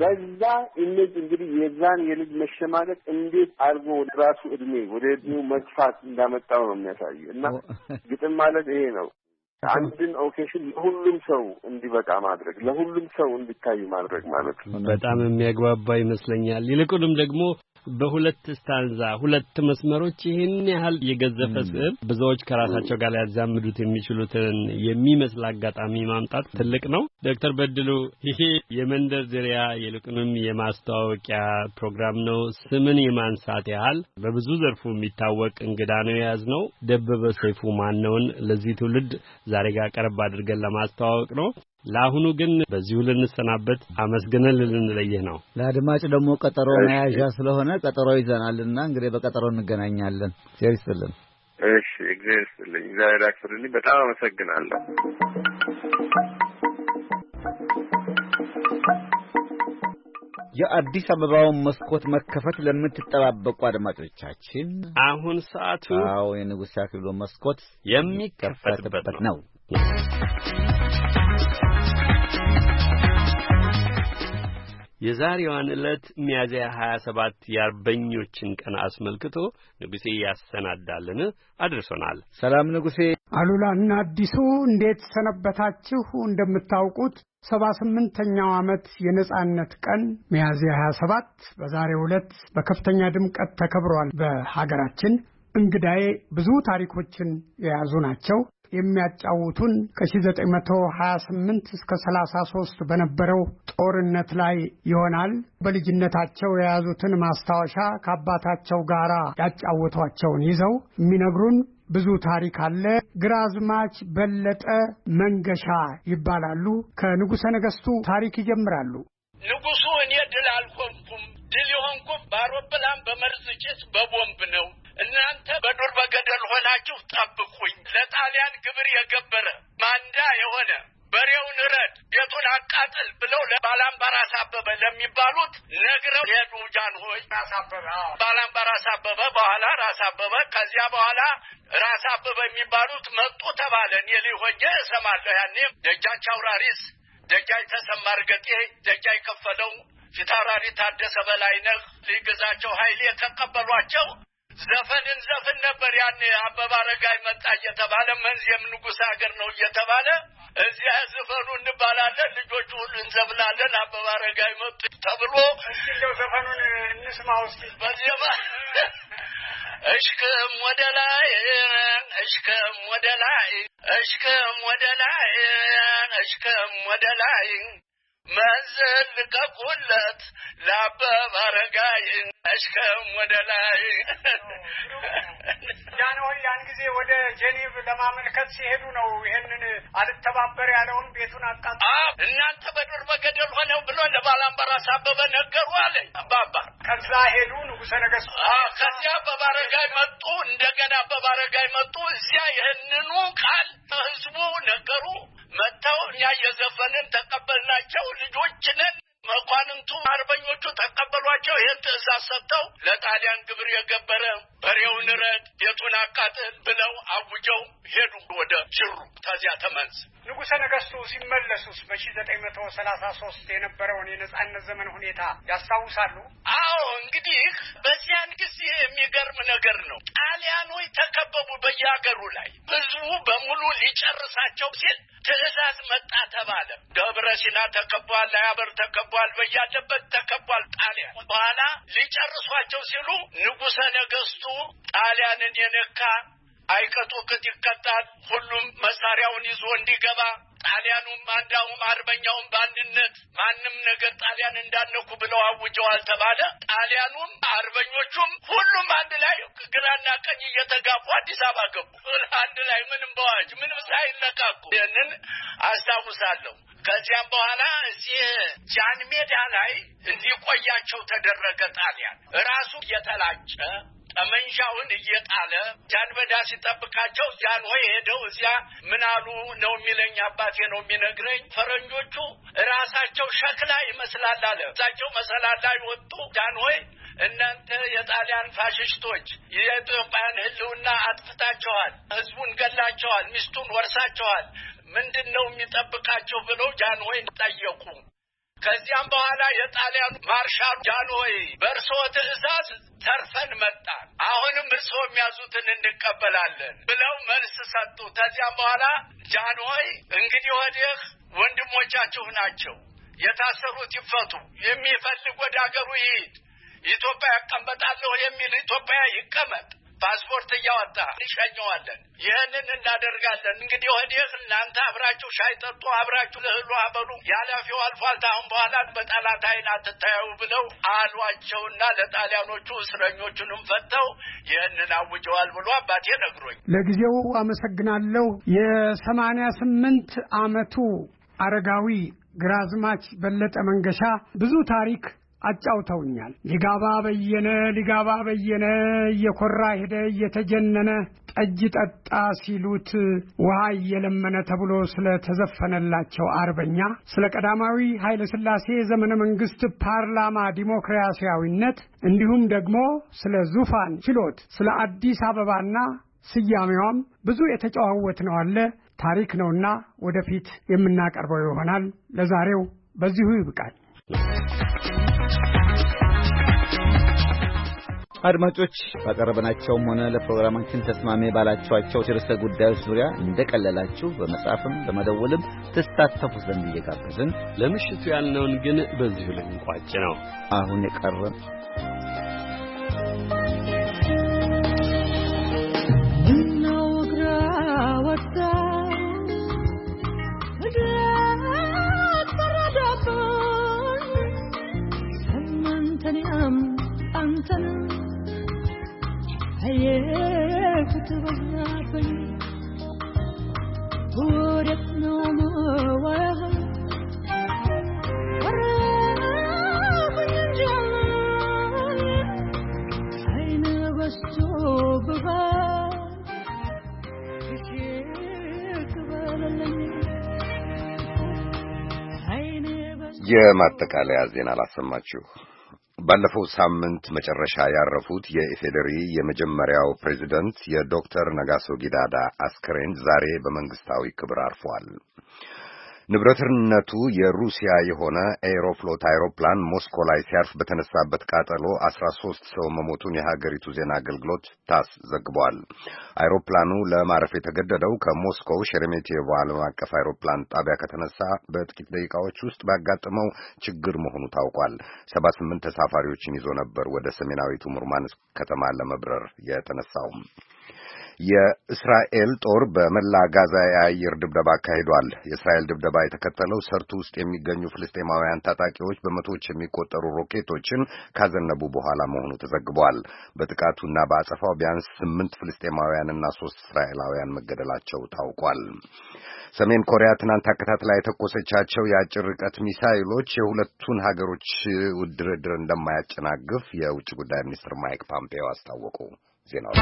በዛ ኢሜጅ እንግዲህ የዛን የልጅ መሸማቀቅ እንዴት አድርጎ ወደ ራሱ እድሜ ወደ እድሜው መግፋት እንዳመጣው ነው የሚያሳይ እና ግጥም ማለት ይሄ ነው። አንድን ኦኬሽን ለሁሉም ሰው እንዲበቃ ማድረግ ለሁሉም ሰው እንዲታይ ማድረግ ማለት ነው። በጣም የሚያግባባ ይመስለኛል። ይልቁንም ደግሞ በሁለት ስታንዛ ሁለት መስመሮች ይህን ያህል የገዘፈ ስዕል ብዙዎች ከራሳቸው ጋር ሊያዛምዱት የሚችሉትን የሚመስል አጋጣሚ ማምጣት ትልቅ ነው። ዶክተር በድሉ ይሄ የመንደርደሪያ ይልቁንም የማስተዋወቂያ ፕሮግራም ነው። ስምን የማንሳት ያህል በብዙ ዘርፉ የሚታወቅ እንግዳ ነው የያዝነው። ደበበ ሰይፉ ማነውን ለዚህ ትውልድ ዛሬ ጋር ቀረብ አድርገን ለማስተዋወቅ ነው። ለአሁኑ ግን በዚሁ ልንሰናበት አመስግነን ልንለይህ ነው። ለአድማጭ ደግሞ ቀጠሮ መያዣ ስለሆነ ቀጠሮ ይዘናልና እንግዲህ በቀጠሮ እንገናኛለን። እግዚአብሔር ይስጥልን። እሺ፣ እግዚአብሔር ይስጥልኝ። እግዚአብሔር ያክፍልልኝ። በጣም አመሰግናለሁ። የአዲስ አበባውን መስኮት መከፈት ለምትጠባበቁ አድማጮቻችን አሁን ሰዓቱ አዎ የንጉሥ አክሊሉ መስኮት የሚከፈትበት ነው። የዛሬዋን ዕለት ሚያዝያ 27 የአርበኞችን ቀን አስመልክቶ ንጉሴ ያሰናዳልን አድርሶናል። ሰላም ንጉሴ። አሉላና አዲሱ እንዴት ሰነበታችሁ? እንደምታውቁት ሰባ ስምንተኛው ዓመት የነጻነት ቀን ሚያዝያ 27 በዛሬው ዕለት በከፍተኛ ድምቀት ተከብሯል በሀገራችን። እንግዳዬ ብዙ ታሪኮችን የያዙ ናቸው። የሚያጫውቱን ከ1928 እስከ 33 በነበረው ጦርነት ላይ ይሆናል። በልጅነታቸው የያዙትን ማስታወሻ ከአባታቸው ጋር ያጫወቷቸውን ይዘው የሚነግሩን ብዙ ታሪክ አለ። ግራዝማች በለጠ መንገሻ ይባላሉ። ከንጉሠ ነገሥቱ ታሪክ ይጀምራሉ። ንጉሡ እኔ ድል አልሆንኩም ድል የሆንኩም በአውሮፕላን በመርዝ ጭስ በቦምብ ነው። እናንተ በዱር በገደል ሆናችሁ ጠብቁኝ። ለጣሊያን ግብር የገበረ ማንዳ የሆነ በሬውን ረድ ቤቱን አቃጥል ብለው ለባላምባራስ አበበ ለሚባሉት ነግረው ሄዱ። ጃንሆይ ራስ አበበ ባላምባራስ አበበ በኋላ ራስ አበበ ከዚያ በኋላ ራስ አበበ የሚባሉት መጡ ተባለ። እኔ ሊሆኜ እሰማለሁ። ያኔ ደጃች አውራሪስ፣ ደጃች ተሰማ እርገጤ፣ ደጃች ከፈለው ፊታውራሪ ታደሰ በላይነህ፣ ሊገዛቸው ኃይሌ ተቀበሏቸው። ዘፈንን ዘፍን ነበር ያኔ አበባ አረጋይ መጣ እየተባለ መንዝየም ንጉሥ ሀገር ነው እየተባለ እዚያ ዘፈኑ እንባላለን፣ ልጆቹ ሁሉ እንዘብላለን። አበባ አረጋይ መጡ ተብሎ እንደው ዘፈኑን እንስማ ውስጥ በዚያማ [laughs] እሽክም ወደ ላይ እሽክም ወደ ላይ እሽክም ወደ ላይ እሽክም ወደ ላይ መዝህን ልቀቁለት ለአበበ አረጋይ እሽከም ወደ ላይ ጃንሆይ ያን ጊዜ ወደ ጄኔቭ ለማመልከት ሲሄዱ ነው ይህንን አልተባበር ያለውን ቤቱን አቃጣ እናንተ በዱር በገደል ሆነው ብሎ ለባላምባራስ አበበ ነገሩ አለኝ አባባ ከዛ ሄዱ ንጉሰ ነገስ ከዚያ አበበ አረጋይ መጡ እንደገና አበበ አረጋይ መጡ እዚያ ይህንኑ ቃል ህዝቡ ነገሩ መጥተው እኛ እየዘፈንን ተቀበልናቸው ልጆች መኳንንቱ አርበኞቹ ተቀበሏቸው። ይህን ትእዛዝ ሰጥተው ለጣሊያን ግብር የገበረ በሬውን ረድ፣ ቤቱን አቃጥል ብለው አውጀው ሄዱ ወደ ጅሩ። ከዚያ ተመልስ ንጉሠ ነገሥቱ ሲመለሱስ በሺ ዘጠኝ መቶ ሰላሳ ሶስት የነበረውን የነጻነት ዘመን ሁኔታ ያስታውሳሉ? አዎ እንግዲህ በዚያን ጊዜ የሚገርም ነገር ነው። ጣሊያኖች ተከበቡ በየሀገሩ ላይ ህዝቡ በሙሉ ሊጨርሳቸው ሲል ትእዛዝ መጣ ተባለ። ደብረ ሲና ተከቧል፣ አበር ተከቧል ተከቧል፣ በያለበት ተከቧል። ጣሊያን በኋላ ሊጨርሷቸው ሲሉ ንጉሰ ነገስቱ ጣሊያንን የነካ አይቀጡ ክት ይቀጣል። ሁሉም መሳሪያውን ይዞ እንዲገባ ጣሊያኑም ማዳውም አርበኛውም በአንድነት ማንም ነገር ጣሊያን እንዳነኩ ብለው አውጀዋል ተባለ። ጣሊያኑም አርበኞቹም ሁሉም አንድ ላይ ግራና ቀኝ እየተጋፉ አዲስ አበባ ገቡ። አንድ ላይ ምንም በዋጅ ምንም ሳይነካኩ ይህንን አስታውሳለሁ። ከዚያም በኋላ እዚህ ጃን ሜዳ ላይ እንዲቆያቸው ተደረገ። ጣሊያን ራሱ እየተላጨ ጠመንጃውን እየጣለ ጃንበዳ ሲጠብቃቸው ጃን ወይ ሄደው እዚያ ምን አሉ ነው የሚለኝ አባቴ ነው የሚነግረኝ። ፈረንጆቹ ራሳቸው ሸክላ ይመስላል አለ። እዛቸው መሰላል ላይ ወጡ። ጃን ሆይ እናንተ የጣሊያን ፋሽስቶች የኢትዮጵያን ሕልውና አጥፍታቸዋል፣ ህዝቡን ገላቸዋል፣ ሚስቱን ወርሳቸዋል። ምንድን ነው የሚጠብቃቸው ብለው ወይ ጠየቁ። ከዚያም በኋላ የጣሊያኑ ማርሻል ጃንሆይ በእርሶ ትዕዛዝ ተርፈን መጣን። አሁንም እርስዎ የሚያዙትን እንቀበላለን ብለው መልስ ሰጡ። ከዚያም በኋላ ጃንሆይ እንግዲህ ወዲህ ወንድሞቻችሁ ናቸው፣ የታሰሩት ይፈቱ፣ የሚፈልግ ወደ አገሩ ይሂድ፣ ኢትዮጵያ ያቀመጣለሁ የሚል ኢትዮጵያ ይቀመጥ ፓስፖርት እያወጣ እንሸኘዋለን። ይህንን እናደርጋለን። እንግዲህ ወዲህ እናንተ አብራችሁ ሻይ ጠጡ፣ አብራችሁ ልህሉ አበሉ። ያላፊው አልፏል። አሁን በኋላ በጠላት ዓይን አትታየው ብለው አሏቸውና ለጣሊያኖቹ እስረኞቹንም ፈተው ይህንን አውጀዋል ብሎ አባቴ ነግሮኝ ለጊዜው አመሰግናለሁ። የሰማንያ ስምንት አመቱ አረጋዊ ግራዝማች በለጠ መንገሻ ብዙ ታሪክ አጫውተውኛል። ሊጋባ በየነ ሊጋባ በየነ እየኮራ ሄደ እየተጀነነ ጠጅ ጠጣ ሲሉት ውሃ እየለመነ ተብሎ ስለተዘፈነላቸው አርበኛ ስለ ቀዳማዊ ኃይለ ሥላሴ ዘመነ መንግሥት ፓርላማ ዲሞክራሲያዊነት እንዲሁም ደግሞ ስለ ዙፋን ችሎት ስለ አዲስ አበባና ስያሜዋም ብዙ ነው አለ። ታሪክ ነውና ወደፊት የምናቀርበው ይሆናል። ለዛሬው በዚሁ ይብቃል። አድማጮች ባቀረብናቸውም ሆነ ለፕሮግራማችን ተስማሚ ባላችኋቸው ርዕሰ ጉዳዮች ዙሪያ እንደቀለላችሁ በመጻፍም በመደወልም ትሳተፉ ዘንድ እየጋበዝን ለምሽቱ ያልነውን ግን በዚሁ ልንቋጭ ነው። አሁን የቀረ ማርያም አንተን አየፍት በዛፈኝ ወዴት ነው የማጠቃለያ ዜና አላሰማችሁ። ባለፈው ሳምንት መጨረሻ ያረፉት የኢፌዴሪ የመጀመሪያው ፕሬዚደንት የዶክተር ነጋሶ ጊዳዳ አስከሬን ዛሬ በመንግስታዊ ክብር አርፏል። ንብረትነቱ የሩሲያ የሆነ ኤሮፍሎት አይሮፕላን ሞስኮ ላይ ሲያርፍ በተነሳበት ቃጠሎ አስራ ሶስት ሰው መሞቱን የሀገሪቱ ዜና አገልግሎት ታስ ዘግቧል። አይሮፕላኑ ለማረፍ የተገደደው ከሞስኮው ሸሬሜቴቮ ዓለም አቀፍ አይሮፕላን ጣቢያ ከተነሳ በጥቂት ደቂቃዎች ውስጥ ባጋጠመው ችግር መሆኑ ታውቋል። ሰባ ስምንት ተሳፋሪዎችን ይዞ ነበር ወደ ሰሜናዊቱ ሙርማንስ ከተማ ለመብረር የተነሳው። የእስራኤል ጦር በመላ ጋዛ የአየር ድብደባ አካሂዷል። የእስራኤል ድብደባ የተከተለው ሰርቱ ውስጥ የሚገኙ ፍልስጤማውያን ታጣቂዎች በመቶዎች የሚቆጠሩ ሮኬቶችን ካዘነቡ በኋላ መሆኑ ተዘግቧል። በጥቃቱና በአጸፋው ቢያንስ ስምንት ፍልስጤማውያንና ሶስት እስራኤላውያን መገደላቸው ታውቋል። ሰሜን ኮሪያ ትናንት አከታትላ የተኮሰቻቸው የአጭር ርቀት ሚሳይሎች የሁለቱን ሀገሮች ድርድር እንደማያጨናግፍ የውጭ ጉዳይ ሚኒስትር ማይክ ፖምፔዮ አስታወቁ። ዜናው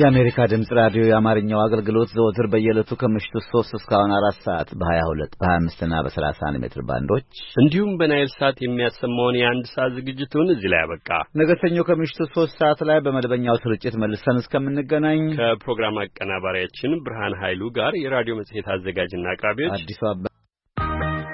የአሜሪካ ድምፅ ራዲዮ የአማርኛው አገልግሎት ዘወትር በየዕለቱ ከምሽቱ ሶስት እስካሁን 4 ሰዓት በ22 በ25ና በ31 ሜትር ባንዶች እንዲሁም በናይል ሰዓት የሚያሰማውን የአንድ ሰዓት ዝግጅቱን እዚህ ላይ አበቃ። ነገ ሰኞ ከምሽቱ ሶስት ሰዓት ላይ በመደበኛው ስርጭት መልሰን እስከምንገናኝ ከፕሮግራም አቀናባሪያችን ብርሃን ኃይሉ ጋር የራዲዮ መጽሔት አዘጋጅና አቅራቢዎች አዲሱ አበ